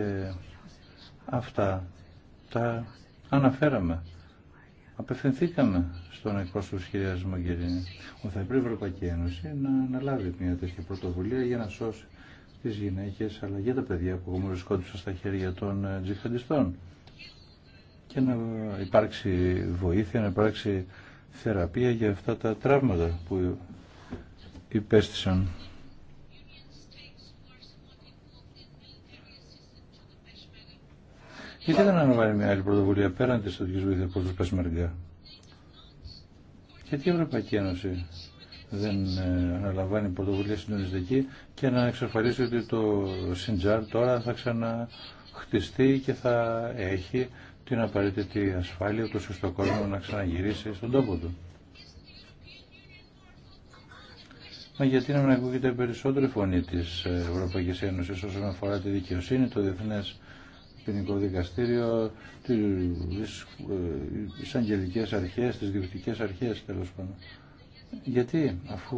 αυτά τα αναφέραμε. Απευθυνθήκαμε στον εκπρόσωπο τη κυρία Μαγκερίνη ότι θα πρέπει η Ευρωπαϊκή Ένωση να αναλάβει μια τέτοια πρωτοβουλία για να σώσει τι γυναίκε αλλά και τα παιδιά που βρισκόντουσαν στα χέρια των τζιχαντιστών και να υπάρξει βοήθεια, να υπάρξει θεραπεία για αυτά τα τραύματα που υπέστησαν. Γιατί δεν αναβάλει μια άλλη πρωτοβουλία πέραν της στρατηγικής βοήθειας από τους μερικά; Γιατί η Ευρωπαϊκή Ένωση δεν ε, αναλαμβάνει πρωτοβουλία συντονιστική και να εξασφαλίσει ότι το Σιντζάρ τώρα θα ξαναχτιστεί και θα έχει την απαραίτητη ασφάλεια του ώστε κόσμο να ξαναγυρίσει στον τόπο του. Μα γιατί να μην ακούγεται περισσότερη φωνή τη Ευρωπαϊκή Ένωση όσον αφορά τη δικαιοσύνη, το διεθνέ ποινικό δικαστήριο, τι εισαγγελικέ αρχέ, τι διοικητικέ αρχέ τέλο πάντων. Γιατί αφού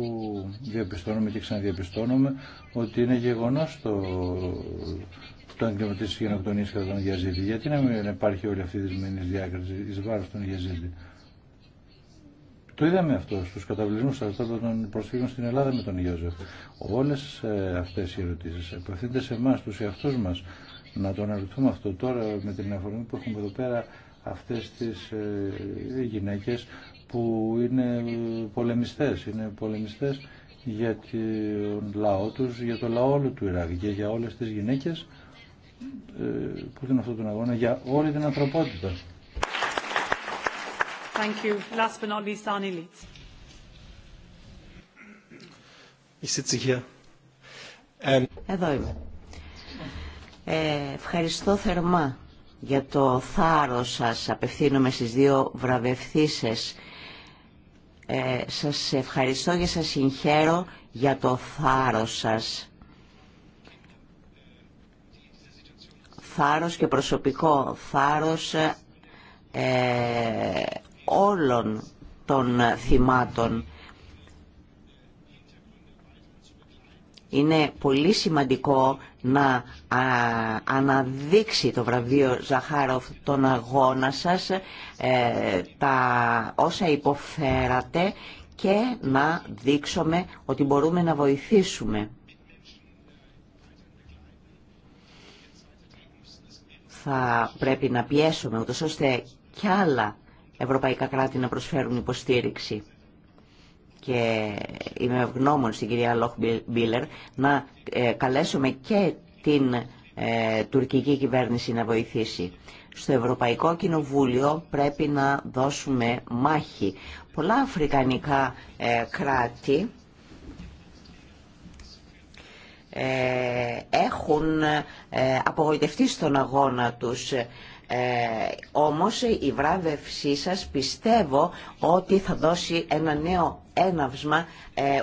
διαπιστώνουμε και ξαναδιαπιστώνουμε ότι είναι γεγονός το το εγκληματή τη γενοκτονία κατά τον Γιαζίδη. Γιατί να μην υπάρχει όλη αυτή η δυσμενή διάκριση ει βάρο των Γιαζίδη. Το είδαμε αυτό στου καταβλισμού των προσφύγων στην Ελλάδα με τον Ιώζεφ. Όλε αυτέ οι ερωτήσει απευθύνονται σε εμά, του εαυτού μα, να το αναρωτηθούμε αυτό τώρα με την αφορμή που έχουμε εδώ πέρα αυτές τις ε, γυναίκες που είναι πολεμιστές, είναι πολεμιστές για τον λαό τους, για το λαό όλου του Ιράκ και για όλες τις γυναίκες ε, που ήταν αυτόν τον αγώνα για όλη την ανθρωπότητα. Thank you. Last but not least, Εδώ είμαι. Ε, ευχαριστώ θερμά για το θάρρο σας. Απευθύνομαι στις δύο βραβευθύσες. Ε, σας ευχαριστώ και σας συγχαίρω για το θάρρο σας. θάρρος και προσωπικό θάρρος ε, ε, όλων των θυμάτων. Είναι πολύ σημαντικό να αναδείξει το βραβείο Ζαχάροφ τον αγώνα σας, ε, τα όσα υποφέρατε και να δείξουμε ότι μπορούμε να βοηθήσουμε. θα πρέπει να πιέσουμε ούτως ώστε κι άλλα ευρωπαϊκά κράτη να προσφέρουν υποστήριξη και είμαι ευγνώμων στην κυρία Λόχ Μπίλερ να ε, καλέσουμε και την ε, τουρκική κυβέρνηση να βοηθήσει. Στο Ευρωπαϊκό Κοινοβούλιο πρέπει να δώσουμε μάχη. Πολλά αφρικανικά ε, κράτη ε, έχουν ε, απογοητευτεί στον αγώνα τους. Ε, όμως η βράβευσή σας πιστεύω ότι θα δώσει ένα νέο έναυσμα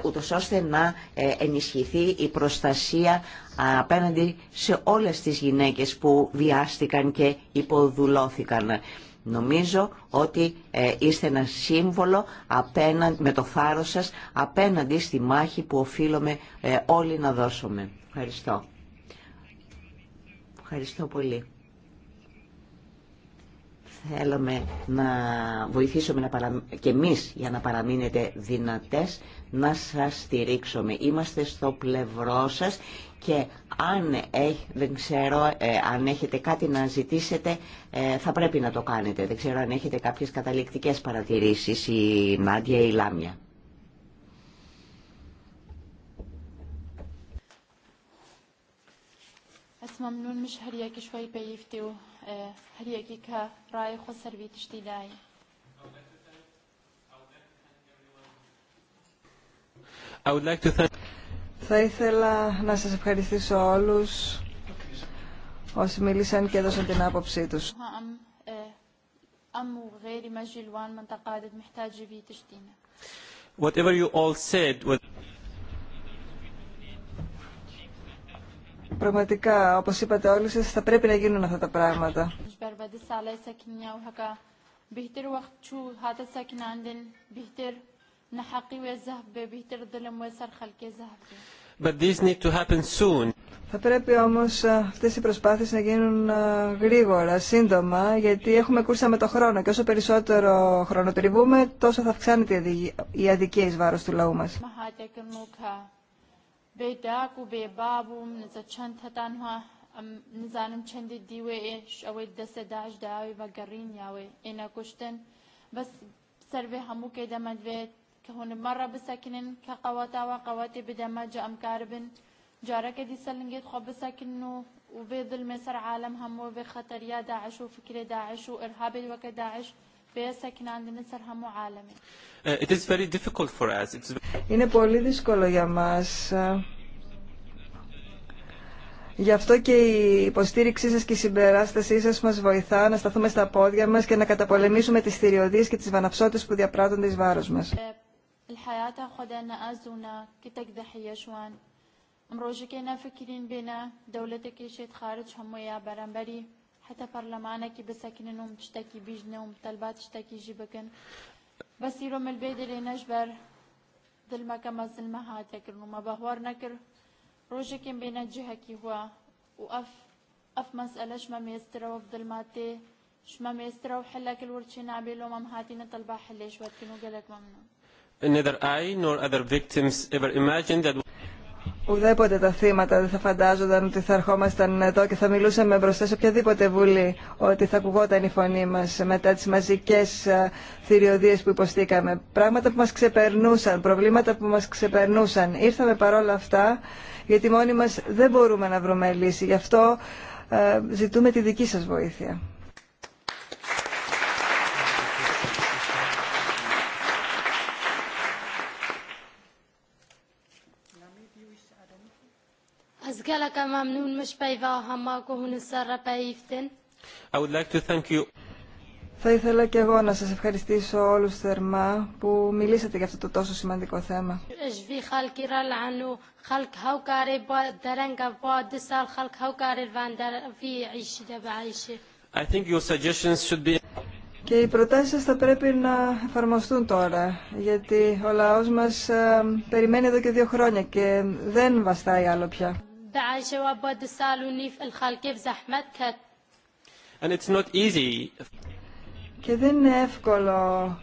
ούτως ώστε να ενισχυθεί η προστασία απέναντι σε όλες τις γυναίκες που βιάστηκαν και υποδουλώθηκαν. Νομίζω ότι ε, είστε ένα σύμβολο με το θάρρος σας απέναντι στη μάχη που οφείλουμε όλοι να δώσουμε. Ευχαριστώ. Ευχαριστώ πολύ. Θέλουμε να βοηθήσουμε να και εμείς για να παραμείνετε δυνατές να σας στηρίξουμε. Είμαστε στο πλευρό σας και αν, έχ, δεν ξέρω, ε, αν έχετε κάτι να ζητήσετε ε, θα πρέπει να το κάνετε. Δεν ξέρω αν έχετε κάποιες καταληκτικές παρατηρήσεις η Νάντια ή η Λάμια. ممنون مش هر یکی شوی پیفتی و هر یکی که I would like to thank θα ήθελα να σας ευχαριστήσω όλους όσοι μίλησαν και έδωσαν την άποψή τους. Whatever you all said, Πραγματικά, όπως είπατε όλοι σας, θα πρέπει να γίνουν αυτά τα πράγματα. E e e But these need to happen soon. Θα πρέπει όμως ε, αυτές οι προσπάθειες να γίνουν ε, γρήγορα, σύντομα, γιατί έχουμε κούρσα με το χρόνο και όσο περισσότερο χρόνο τριβούμε, τόσο θα αυξάνεται η αδικία εις βάρος του λαού μας. كهون مرة بسكنن كقواتا وقواتي بدمج أم كاربن جارك دي سلنجيت خب سكنو وبيض المصر عالم همو خطر يا داعش وفكرة داعش وإرهاب الوك داعش uh, It is very difficult for us. It's... Είναι πολύ δύσκολο για μας. Γι' αυτό και η υποστήριξή σας και η συμπεράστασή σας μας βοηθά να σταθούμε στα πόδια μας και να καταπολεμήσουμε τις θηριωδίες και τις βαναυσότητες που διαπράττονται εις βάρος μας. Ε, الحياة تاخدنا أزونا كتك ضحية شوان امروژەکە نافکرین بێنە دەولەتێکی شێت خارج هەموویە بەرەمبەری حتا پەرلەمانێکی بسەکنن و تشتاكي بیژنە و تەلبات شتێکیژی بکەن بەسیر و ملبێ دەلێ نەش بەر دلمەکە مەزلمە هاتێکردن ومە بەهوار نەکرد ڕۆژێکم بێنە جهەکی هو و أف مسألة شما شمە مێسترەوە دلماتێ ما مێسترە و حلەکە ورچی نابێ لۆ مەم هاتینە تەلبا حلێش وەتکن و گەلەک مەمنە Ουδέποτε τα θύματα δεν θα φαντάζονταν ότι θα ερχόμασταν εδώ και θα μιλούσαμε μπροστά σε οποιαδήποτε βουλή ότι θα ακουγόταν η φωνή μας μετά τις μαζικές ε, θηριωδίες που υποστήκαμε. Πράγματα που μας ξεπερνούσαν, προβλήματα που μας ξεπερνούσαν. Ήρθαμε παρόλα αυτά γιατί μόνοι μας δεν μπορούμε να βρούμε λύση. Γι' αυτό ε, ζητούμε τη δική σας βοήθεια. Θα ήθελα και εγώ να σας ευχαριστήσω όλους θερμά που μιλήσατε για αυτό το τόσο σημαντικό θέμα. Και οι προτάσεις σας θα πρέπει να εφαρμοστούν τώρα, γιατί ο λαός μας ε, περιμένει εδώ και δύο χρόνια και δεν βαστάει άλλο πια. Και δεν είναι εύκολο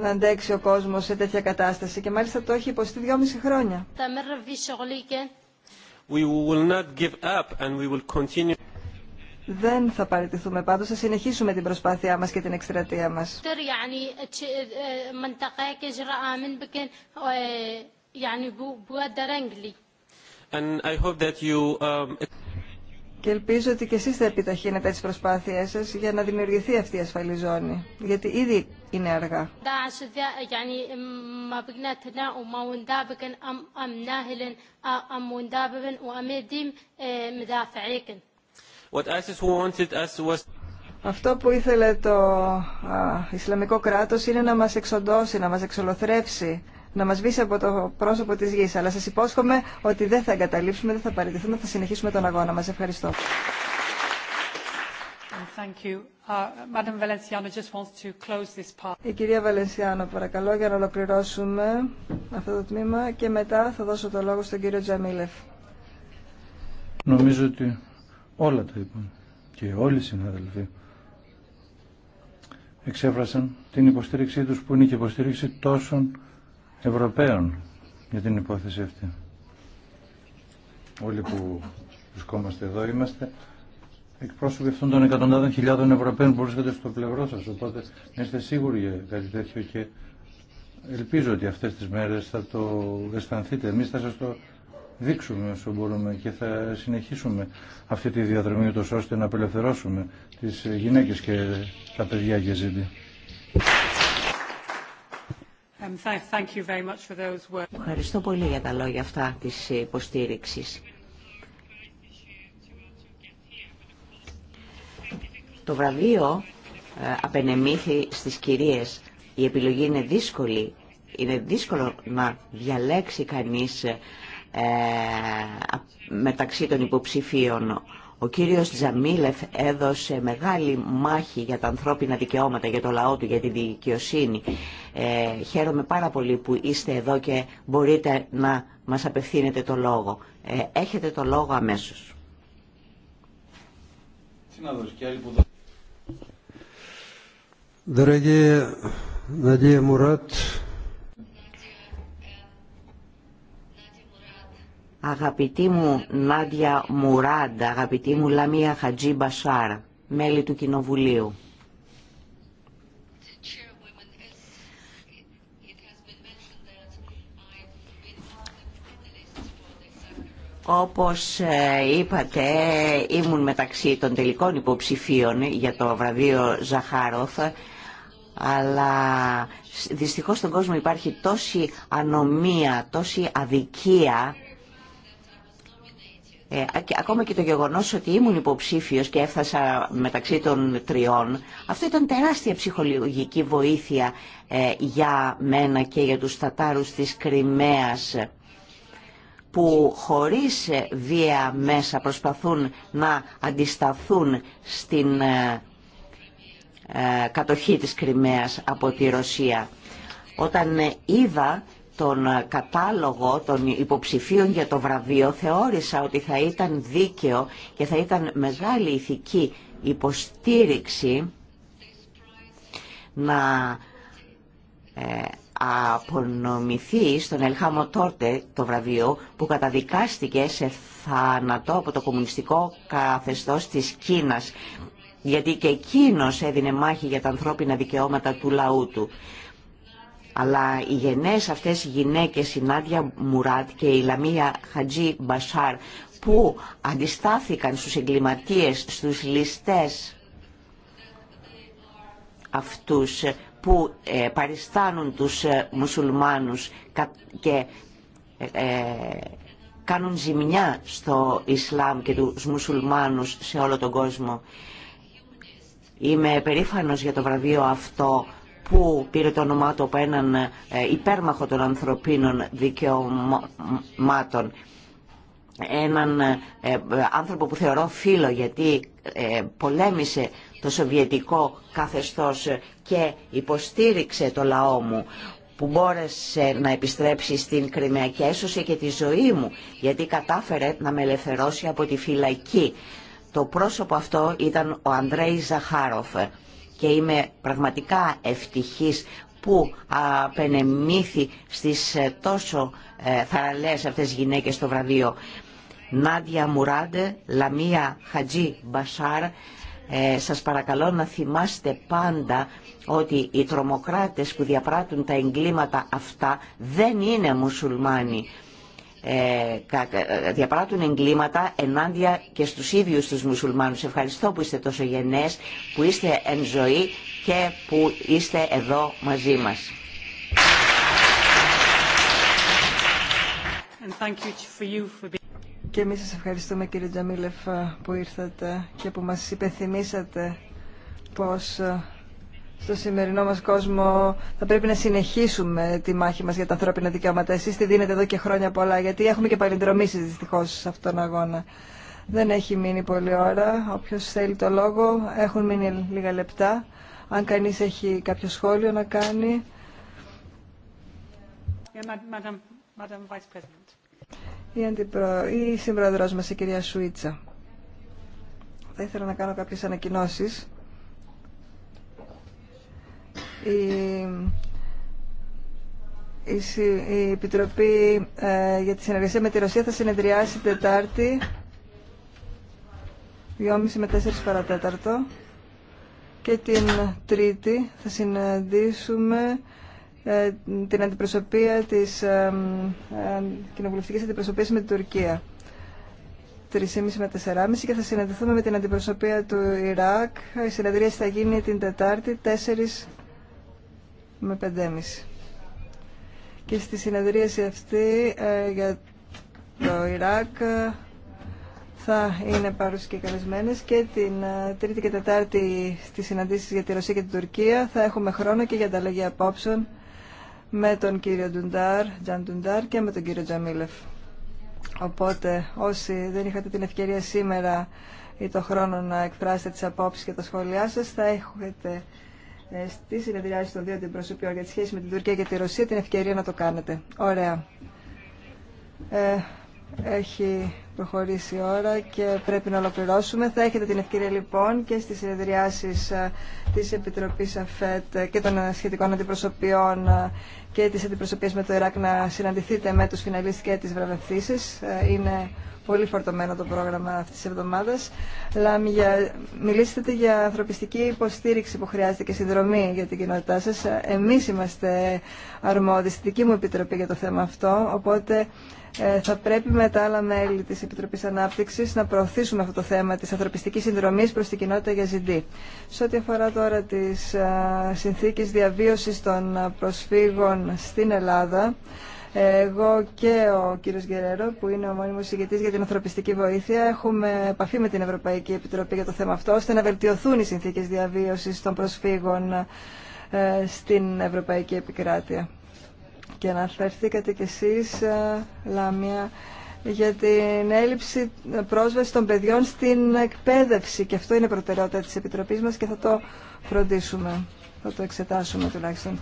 να αντέξει ο κόσμο σε τέτοια κατάσταση και μάλιστα το έχει υποστεί δυόμιση χρόνια. We will not give up and we will continue. Δεν θα παραιτηθούμε πάντως, θα συνεχίσουμε την προσπάθειά μας και την εκστρατεία μας. Ε, ε, Um, και ελπίζω ότι και εσείς θα επιταχύνετε τις προσπάθειές σας για να δημιουργηθεί αυτή η ασφαλή ζώνη, γιατί ήδη είναι αργά. Αυτό που ήθελε το Ισλαμικό κράτος είναι να μας εξοντώσει, να μας εξολοθρεύσει να μας βύσει από το πρόσωπο της γης. Αλλά σας υπόσχομαι ότι δεν θα εγκαταλείψουμε, δεν θα παραιτηθούμε, θα συνεχίσουμε τον αγώνα μας. Ευχαριστώ. Uh, Η κυρία Βαλενσιάνο, παρακαλώ, για να ολοκληρώσουμε αυτό το τμήμα και μετά θα δώσω το λόγο στον κύριο Τζαμίλεφ. Νομίζω ότι όλα τα είπαν και όλοι οι συναδελφοί εξέφρασαν την υποστήριξή τους που είναι και υποστήριξη τόσων Ευρωπαίων για την υπόθεση αυτή. Όλοι που βρισκόμαστε εδώ είμαστε εκπρόσωποι αυτών των εκατοντάδων χιλιάδων Ευρωπαίων που βρίσκονται στο πλευρό σας. Οπότε είστε σίγουροι για κάτι τέτοιο και ελπίζω ότι αυτές τις μέρες θα το αισθανθείτε. Εμείς θα σας το δείξουμε όσο μπορούμε και θα συνεχίσουμε αυτή τη διαδρομή ούτως ώστε να απελευθερώσουμε τις γυναίκες και τα παιδιά ζήτη. Um, Ευχαριστώ πολύ για τα λόγια αυτά της υποστήριξης. Το βραβείο ε, απενεμήθη στις κυρίες. Η επιλογή είναι δύσκολη. Είναι δύσκολο να διαλέξει κανείς ε, μεταξύ των υποψηφίων ο κύριος Τζαμίλεφ έδωσε μεγάλη μάχη για τα ανθρώπινα δικαιώματα, για το λαό του, για τη δικαιοσύνη. Ε, χαίρομαι πάρα πολύ που είστε εδώ και μπορείτε να μας απευθύνετε το λόγο. Ε, έχετε το λόγο αμέσως. Δραγέ Ναδία Μουράτ, Αγαπητή μου Νάντια Μουράντα, αγαπητή μου Λαμία Χατζή Μπασάρ, μέλη του Κοινοβουλίου. Όπως ε, είπατε, ήμουν μεταξύ των τελικών υποψηφίων για το βραβείο Ζαχάροφ, αλλά δυστυχώς στον κόσμο υπάρχει τόση ανομία, τόση αδικία ε, ακόμα και το γεγονός ότι ήμουν υποψήφιος και έφτασα μεταξύ των τριών, αυτό ήταν τεράστια ψυχολογική βοήθεια ε, για μένα και για τους Τατάρους της Κρυμαίας που χωρίς βία μέσα προσπαθούν να αντισταθούν στην ε, κατοχή της Κρυμαίας από τη Ρωσία. Όταν είδα τον κατάλογο των υποψηφίων για το βραβείο θεώρησα ότι θα ήταν δίκαιο και θα ήταν μεγάλη ηθική υποστήριξη να ε, απονομηθεί στον Ελχάμο Τόρτε το βραβείο που καταδικάστηκε σε θάνατο από το κομμουνιστικό καθεστώς της Κίνας γιατί και εκείνος έδινε μάχη για τα ανθρώπινα δικαιώματα του λαού του. Αλλά οι γενναίες αυτές οι γυναίκες, η Νάντια Μουράτ και η Λαμία Χατζή Μπασάρ, που αντιστάθηκαν στους εγκληματίες, στους ληστές αυτούς που ε, παριστάνουν τους ε, μουσουλμάνους και ε, κάνουν ζημιά στο Ισλάμ και τους μουσουλμάνους σε όλο τον κόσμο. Είμαι περήφανος για το βραβείο αυτό που πήρε το όνομά του από έναν ε, υπέρμαχο των ανθρωπίνων δικαιωμάτων έναν ε, ε, άνθρωπο που θεωρώ φίλο γιατί πολέμησε το σοβιετικό καθεστώς και υποστήριξε το λαό μου που μπόρεσε να επιστρέψει στην Κρυμαία και έσωσε και τη ζωή μου γιατί κατάφερε να με ελευθερώσει από τη φυλακή. Το πρόσωπο αυτό ήταν ο Ανδρέης Ζαχάροφ και είμαι πραγματικά ευτυχής που απενεμήθη στις ε, τόσο ε, θαραλές αυτές γυναίκες στο βραβείο. Νάντια Μουράντε, Λαμία Χατζή Μπασάρ, ε, σας παρακαλώ να θυμάστε πάντα ότι οι τρομοκράτες που διαπράττουν τα εγκλήματα αυτά δεν είναι μουσουλμάνοι. Ε, διαπράττουν εγκλήματα ενάντια και στους ίδιους τους μουσουλμάνους. Ευχαριστώ που είστε τόσο γενναίες, που είστε εν ζωή και που είστε εδώ μαζί μας. Και εμείς σας ευχαριστούμε κύριε Τζαμίλεφ που ήρθατε και που μας υπενθυμίσατε πως στο σημερινό μας κόσμο θα πρέπει να συνεχίσουμε τη μάχη μας για τα ανθρώπινα δικαιώματα. Εσείς τη δίνετε εδώ και χρόνια πολλά, γιατί έχουμε και παλινδρομήσεις δυστυχώς σε αυτόν τον αγώνα. Δεν έχει μείνει πολλή ώρα. Όποιο θέλει το λόγο, έχουν μείνει λίγα λεπτά. Αν κανείς έχει κάποιο σχόλιο να κάνει. Η, αντιπρο... η μας, η κυρία Σουίτσα. Θα ήθελα να κάνω κάποιες ανακοινώσεις. Η Επιτροπή ε, για τη Συνεργασία με τη Ρωσία θα συνεδριάσει Τετάρτη, 2.30 με 4 παρατέταρτο. Και την Τρίτη θα συναντήσουμε ε, την αντιπροσωπεία της ε, κοινοβουλευτικής αντιπροσωπείας με την Τουρκία. 3.30 με 4.30 και θα συναντηθούμε με την αντιπροσωπεία του Ιράκ. Η συνεδρίαση θα γίνει την Τετάρτη, 4 με 5,5. Και στη συνεδρίαση αυτή ε, για το Ιράκ ε, θα είναι παρούσες και και την ε, Τρίτη και Τετάρτη στι συναντήσει για τη Ρωσία και την Τουρκία θα έχουμε χρόνο και για ανταλλαγή απόψεων με τον κύριο Ντουντάρ, Τζαν Ντουντάρ και με τον κύριο Τζαμίλεφ. Οπότε όσοι δεν είχατε την ευκαιρία σήμερα ή το χρόνο να εκφράσετε τις απόψεις και τα σχόλιά σας θα έχετε ε, στη συνεδριάση των δύο αντιπροσωπείων για τη σχέση με την Τουρκία και τη Ρωσία την ευκαιρία να το κάνετε. Ωραία. Ε, έχει προχωρήσει η ώρα και πρέπει να ολοκληρώσουμε. Θα έχετε την ευκαιρία λοιπόν και στις συνεδριάσεις ε, της Επιτροπής ΑΦΕΤ και των ε, σχετικών αντιπροσωπιών ε, και της αντιπροσωπίας με το Ιράκ να συναντηθείτε με τους φιναλίστ και τις βραβευθύσεις. Είναι πολύ φορτωμένο το πρόγραμμα αυτής της εβδομάδας. Για... Μιλήσετε για ανθρωπιστική υποστήριξη που χρειάζεται και συνδρομή για την κοινότητά σας. Εμείς είμαστε αρμόδιοι στη δική μου επιτροπή για το θέμα αυτό, οπότε θα πρέπει με τα άλλα μέλη της Επιτροπή ανάπτυξη να προωθήσουμε αυτό το θέμα τη ανθρωπιστική συνδρομή προ την κοινότητα για ζητή. Σε ό,τι αφορά τώρα τις συνθήκε διαβίωση των προσφύγων στην Ελλάδα, εγώ και ο κύριος Γκερέρο, που είναι ο μόνιμος ηγετής για την ανθρωπιστική βοήθεια, έχουμε επαφή με την Ευρωπαϊκή Επιτροπή για το θέμα αυτό, ώστε να βελτιωθούν οι συνθήκε διαβίωση των προσφύγων ε, στην Ευρωπαϊκή Επικράτεια. Και αναφερθήκατε κι εσείς, ε, Λάμια, για την έλλειψη πρόσβαση των παιδιών στην εκπαίδευση και αυτό είναι προτεραιότητα της Επιτροπής μας και θα το φροντίσουμε, θα το εξετάσουμε τουλάχιστον.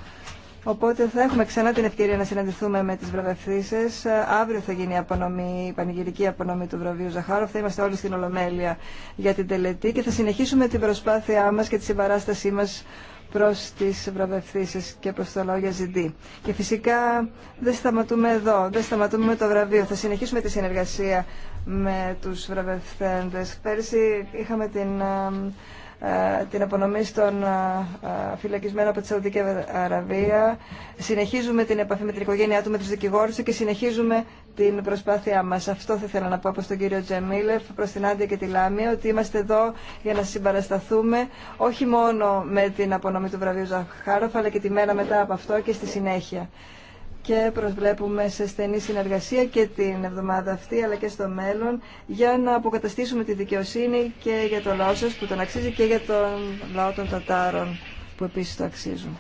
Οπότε θα έχουμε ξανά την ευκαιρία να συναντηθούμε με τις βραβευθύσεις. Αύριο θα γίνει η, απονομή, η πανηγυρική απονομή του βραβείου Ζαχάροφ. Θα είμαστε όλοι στην Ολομέλεια για την τελετή και θα συνεχίσουμε την προσπάθειά μας και τη συμπαράστασή μας προς τις βραβευθύσεις και προς το λαό ZD. Και φυσικά δεν σταματούμε εδώ, δεν σταματούμε με το βραβείο. Θα συνεχίσουμε τη συνεργασία με τους βραβευθέντες. Πέρσι είχαμε την ε, ε, την απονομή στον ε, ε, φυλακισμένο από τη Σαουδική Αραβία. Συνεχίζουμε την επαφή με την οικογένειά του, με τους δικηγόρους του και συνεχίζουμε την προσπάθειά μας. Αυτό θα ήθελα να πω από τον κύριο Τζεμίλεφ προς την Άντια και τη Λάμια, ότι είμαστε εδώ για να συμπαρασταθούμε όχι μόνο με την απονομή του βραβείου Ζαχάροφ, αλλά και τη μέρα μετά από αυτό και στη συνέχεια και προσβλέπουμε σε στενή συνεργασία και την εβδομάδα αυτή αλλά και στο μέλλον για να αποκαταστήσουμε τη δικαιοσύνη και για το λαό σας που τον αξίζει και για τον λαό των Τατάρων που επίσης το αξίζουν.